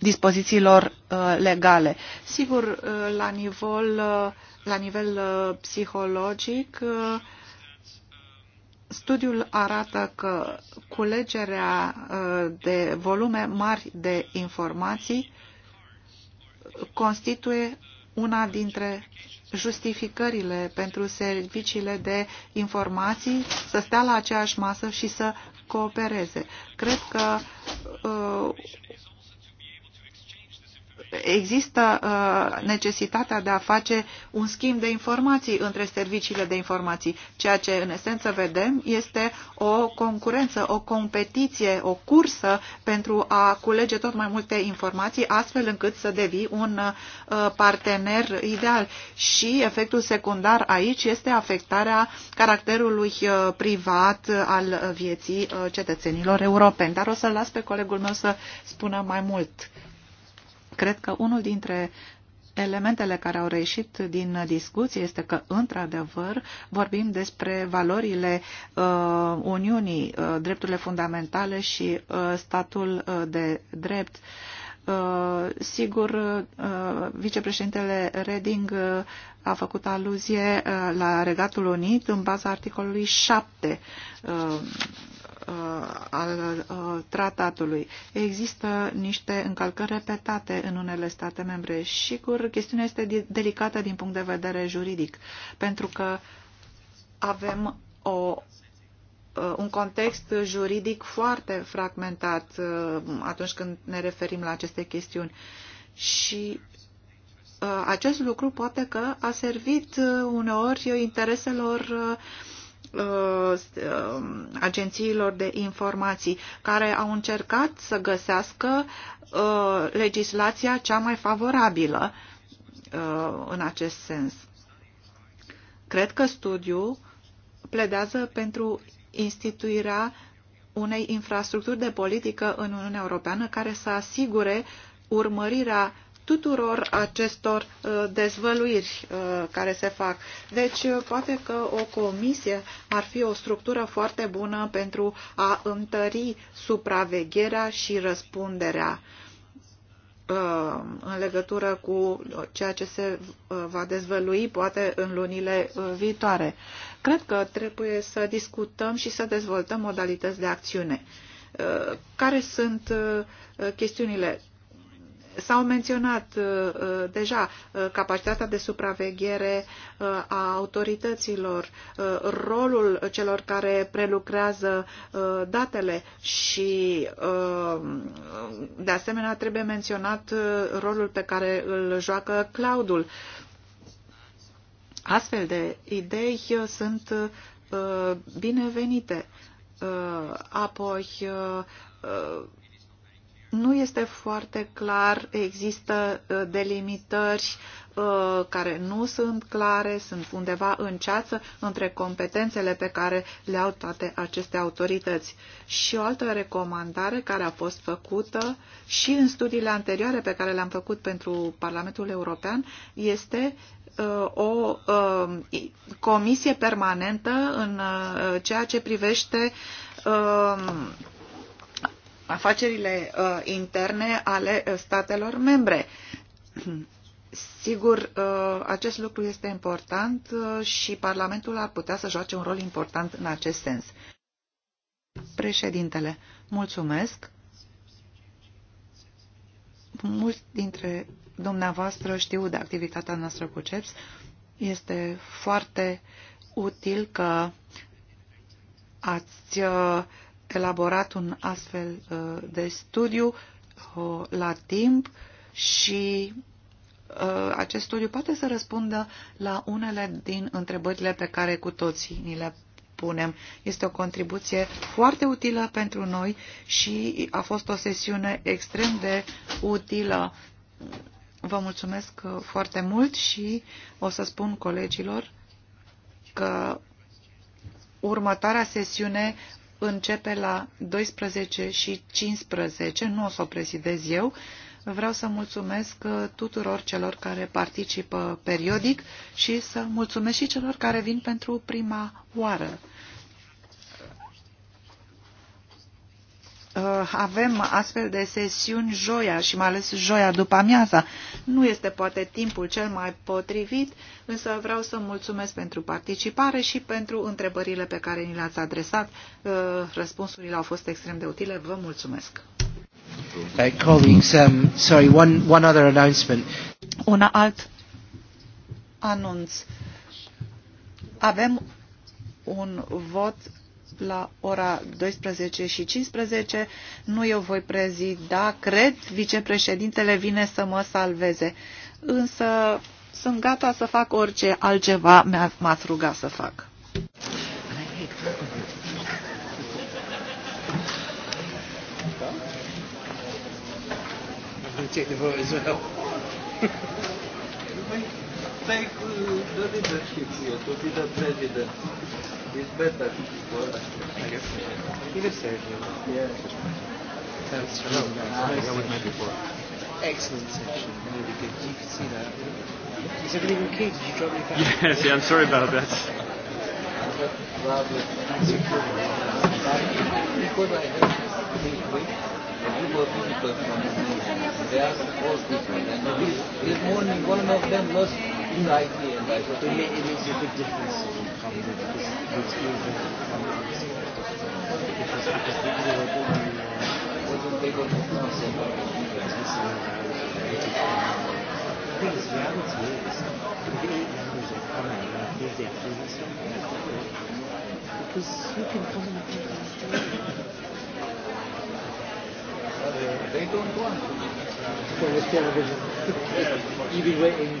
dispozițiilor uh, legale. Sigur, uh, la nivel, uh, la nivel psihologic, studiul arată că culegerea de volume mari de informații constituie una dintre justificările pentru serviciile de informații să stea la aceeași masă și să coopereze. Cred că uh, există uh, necesitatea de a face un schimb de informații între serviciile de informații. Ceea ce în esență vedem este o concurență, o competiție, o cursă pentru a culege tot mai multe informații astfel încât să devii un uh, partener ideal. Și efectul secundar aici este afectarea caracterului uh, privat al vieții uh, cetățenilor europeni. Dar o să las pe colegul meu să spună mai mult Cred că unul dintre elementele care au reieșit din discuție este că, într-adevăr, vorbim despre valorile uh, Uniunii, uh, drepturile fundamentale și uh, statul uh, de drept. Uh, sigur, uh, vicepreședintele Reding uh, a făcut aluzie uh, la Regatul Unit în baza articolului 7. Uh, Uh, al uh, tratatului. Există niște încălcări repetate în unele state membre și cur, chestiunea este delicată din punct de vedere juridic, pentru că avem o uh, un context juridic foarte fragmentat atunci când ne referim la aceste chestiuni. Și acest lucru poate că a servit uneori intereselor uh, Uh, um, agențiilor de informații care au încercat să găsească uh, legislația cea mai favorabilă uh, în acest sens. Cred că studiul pledează pentru instituirea unei infrastructuri de politică în Uniunea Europeană care să asigure urmărirea tuturor acestor uh, dezvăluiri uh, care se fac. Deci, uh, poate că o comisie ar fi o structură foarte bună pentru a întări supravegherea și răspunderea în legătură cu ceea ce se va dezvălui poate în lunile viitoare. Cred că trebuie să discutăm și să dezvoltăm modalități de acțiune. Care sunt chestiunile? S-au menționat uh, uh, deja uh, capacitatea de supraveghere uh, a autorităților, uh, rolul celor care prelucrează uh, datele și, uh, de asemenea, trebuie menționat uh, rolul pe care îl joacă cloudul. Astfel de idei uh, sunt uh, binevenite. Uh, apoi, uh, uh nu este foarte clar, există ă, delimitări ă, care nu sunt clare, sunt undeva în ceață între competențele pe care le au toate aceste autorități. Și o altă recomandare care a fost făcută și în studiile anterioare pe care le-am făcut pentru Parlamentul European este ă, o comisie permanentă în ceea ce privește afacerile uh, interne ale uh, statelor membre. Sigur, uh, acest lucru este important și Parlamentul ar putea să joace un rol important în acest sens. Președintele, mulțumesc. Mulți dintre dumneavoastră știu de activitatea noastră cu CEPS. Este foarte util că ați elaborat un astfel uh, de studiu uh, la timp și uh, acest studiu poate să răspundă la unele din întrebările pe care cu toții ni le punem. Este o contribuție foarte utilă pentru noi și a fost o sesiune extrem de utilă. Vă mulțumesc foarte mult și o să spun colegilor că următoarea sesiune începe la 12 și 15, nu o să o prezidez eu. Vreau să mulțumesc uh, tuturor celor care participă periodic și să mulțumesc și celor care vin pentru prima oară. Uh, avem astfel de sesiuni joia și mai ales joia după amiaza. Nu este poate timpul cel mai potrivit, însă vreau să mulțumesc pentru participare și pentru întrebările pe care ni le-ați adresat. Uh, răspunsurile au fost extrem de utile. Vă mulțumesc! Uh, um, sorry, one, one other announcement. Un alt anunț. Avem un vot la ora 12 și 15. Nu eu voi prezida, cred, vicepreședintele vine să mă salveze. Însă sunt gata să fac orice altceva m-ați rugat să fac. take the vote as well. It's better. I guess. Even Sergio. Yeah. That's true. Ah, that was my before. Excellent session. Really good. You could see that. Is everything okay? Did you drop me back? Yes, yeah, I'm sorry about that. Because I They are all different. And this, morning, one of them lost his ID, and I said, it, makes a big difference from the because because you can come and take us uh, They don't want to. For the television. You've been waiting.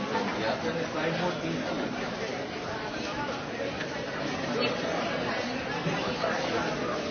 Thank you.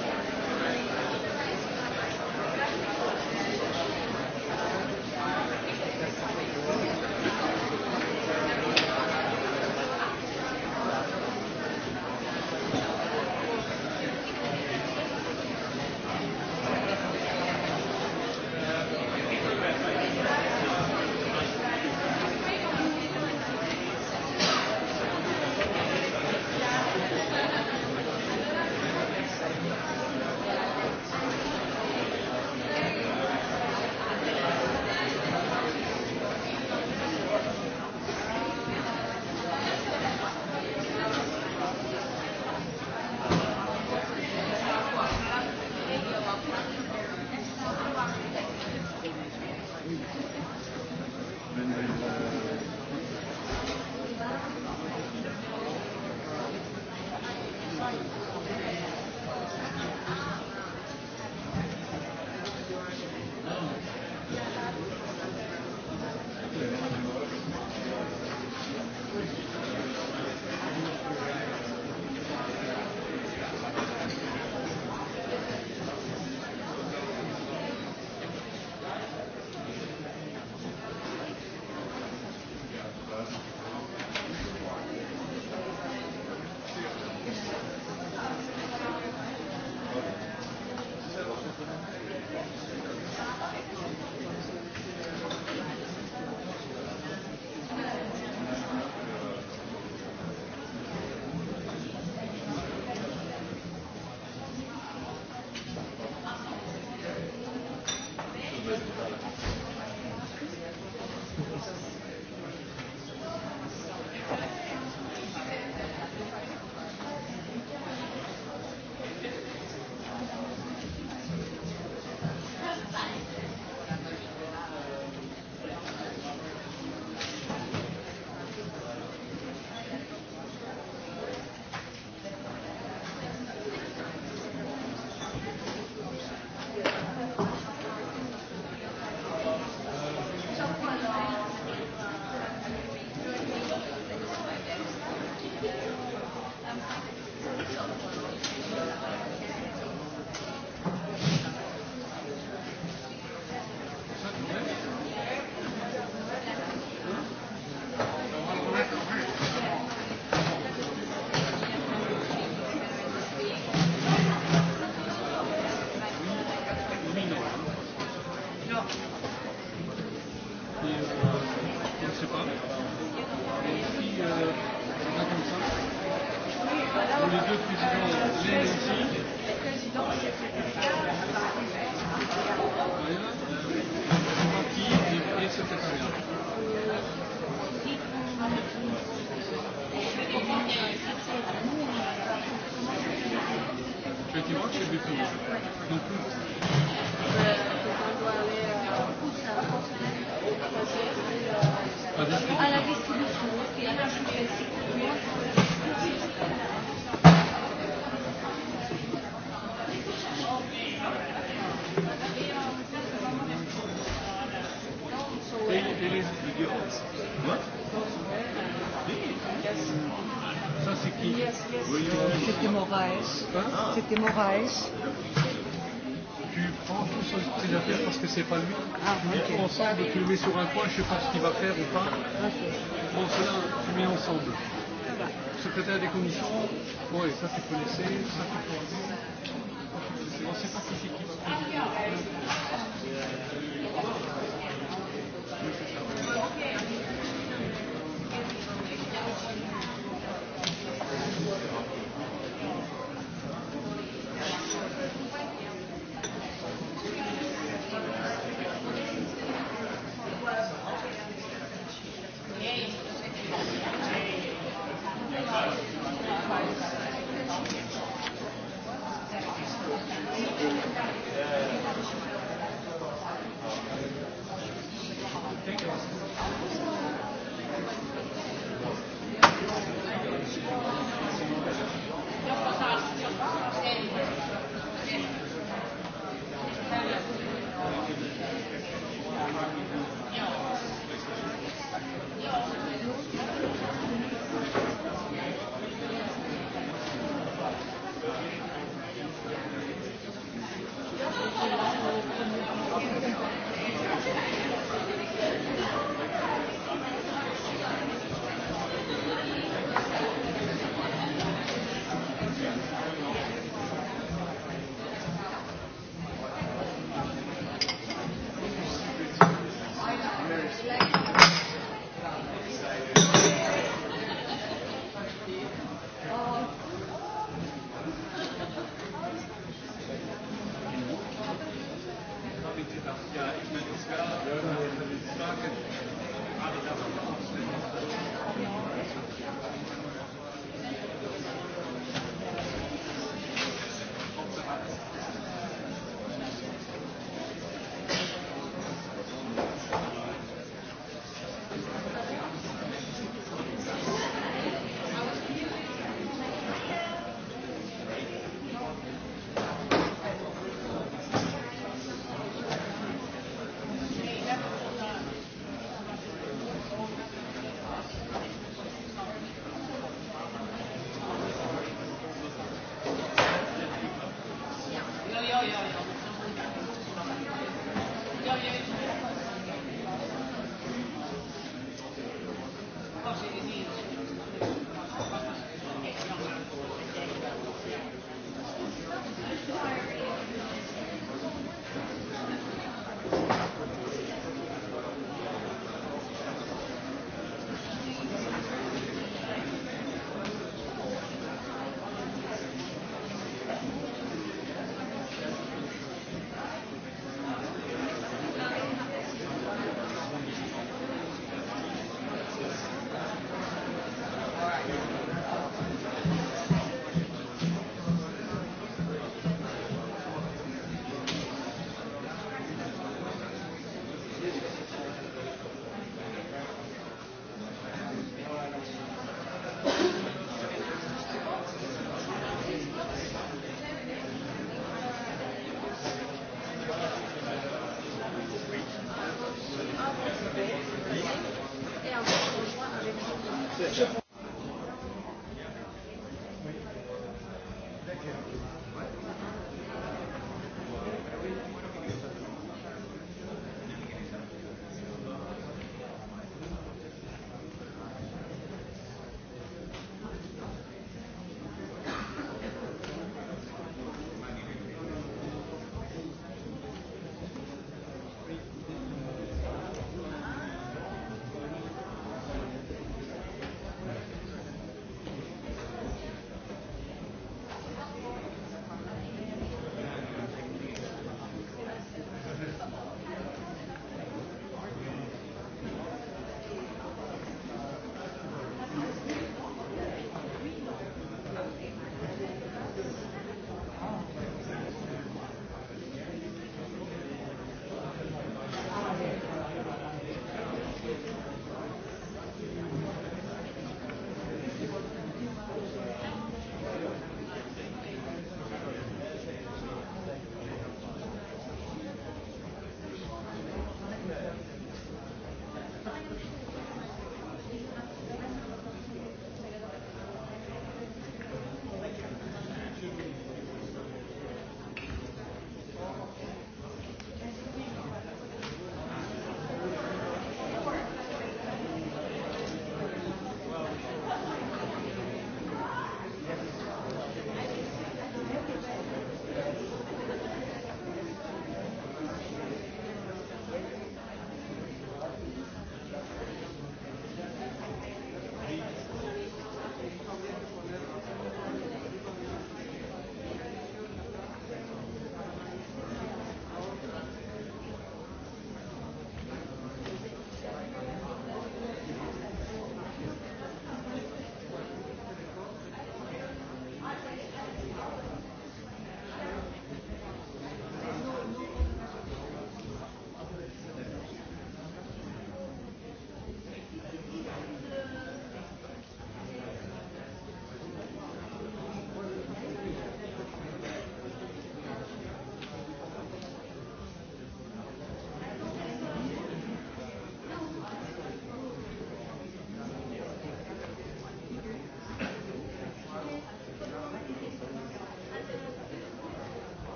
de Moraes. Tu prends tout ce que tu faire parce que c'est pas lui. Ah, okay. Et ensemble, tu le mets sur un point, je ne sais pas ce qu'il va faire ou pas. Okay. Bon, cela, tu mets ensemble. Secrétaire des commissions, bon, et ça tu connaissais, ça tu connais. Je ne sais pas qui c'est qui va faire.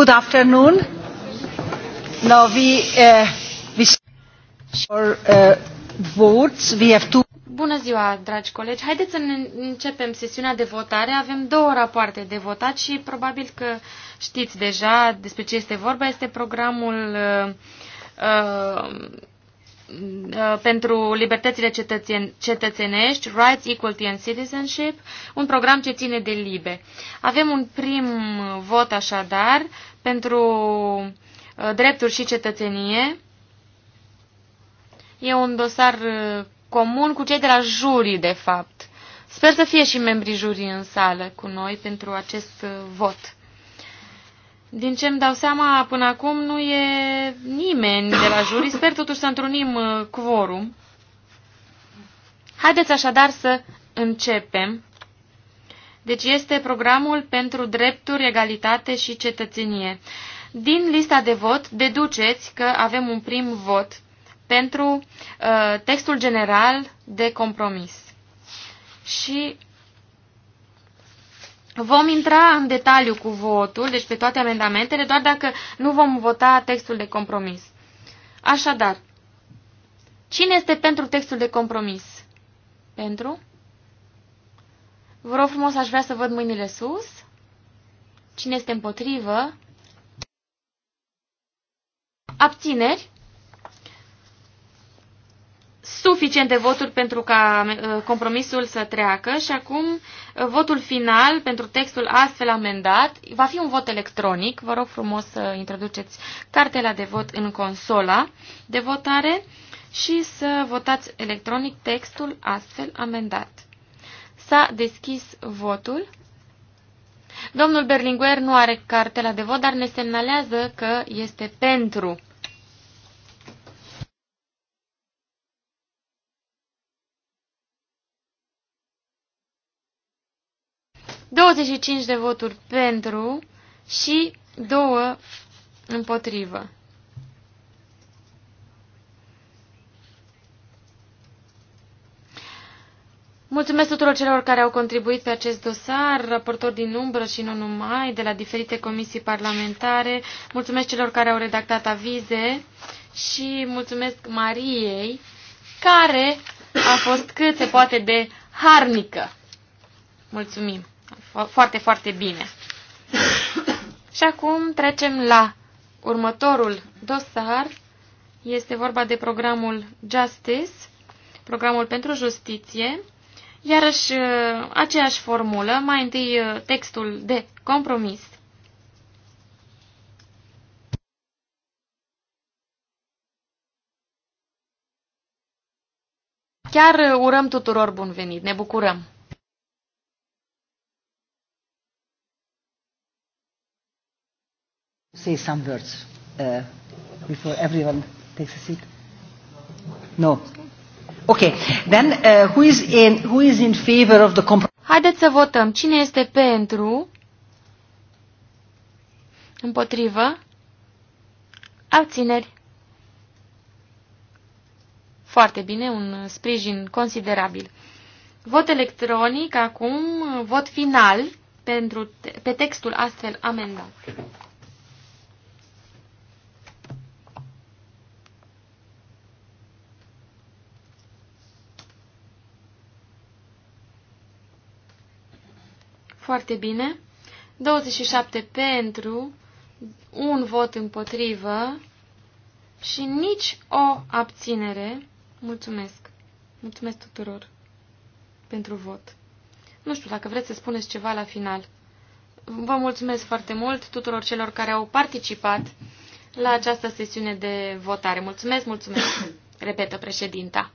Good afternoon. Now we, uh, we for, uh, votes. We have two... Bună ziua, dragi colegi. Haideți să începem sesiunea de votare. Avem două rapoarte de votat și probabil că știți deja despre ce este vorba. Este programul uh, uh, Uh, pentru libertățile cetățen cetățenești, Rights, Equality and Citizenship, un program ce ține de LIBE. Avem un prim vot așadar pentru uh, drepturi și cetățenie. E un dosar uh, comun cu cei de la jurii, de fapt. Sper să fie și membrii jurii în sală cu noi pentru acest vot. Din ce îmi dau seama până acum nu e nimeni de la juri. Sper totuși să întrunim uh, quorum. Haideți așadar să începem. Deci este programul pentru drepturi, egalitate și cetățenie. Din lista de vot deduceți că avem un prim vot pentru uh, textul general de compromis. Și Vom intra în detaliu cu votul, deci pe toate amendamentele, doar dacă nu vom vota textul de compromis. Așadar, cine este pentru textul de compromis? Pentru? Vă rog frumos, aș vrea să văd mâinile sus. Cine este împotrivă? Abțineri? suficiente voturi pentru ca uh, compromisul să treacă și acum uh, votul final pentru textul astfel amendat va fi un vot electronic. Vă rog frumos să introduceți cartela de vot în consola de votare și să votați electronic textul astfel amendat. S-a deschis votul. Domnul Berlinguer nu are cartela de vot, dar ne semnalează că este pentru. 25 de voturi pentru și 2 împotrivă. Mulțumesc tuturor celor care au contribuit pe acest dosar, raportori din umbră și nu numai, de la diferite comisii parlamentare. Mulțumesc celor care au redactat avize și mulțumesc Mariei, care a fost cât se poate de harnică. Mulțumim! foarte, foarte bine. Și acum trecem la următorul dosar. Este vorba de programul Justice, programul pentru justiție. Iarăși, uh, aceeași formulă, mai întâi uh, textul de compromis. Chiar uh, urăm tuturor bun venit, ne bucurăm! Say some words uh, before everyone takes a seat. No. Okay. Then uh, who is in who is in favor of the compromise? Haideți să votăm. Cine este pentru? Împotrivă? Abțineri? Foarte bine, un sprijin considerabil. Vot electronic acum, vot final pentru, pe textul astfel amendat. Foarte bine. 27 pentru, un vot împotrivă și nici o abținere. Mulțumesc. Mulțumesc tuturor pentru vot. Nu știu dacă vreți să spuneți ceva la final. Vă mulțumesc foarte mult tuturor celor care au participat la această sesiune de votare. Mulțumesc, mulțumesc, repetă președinta.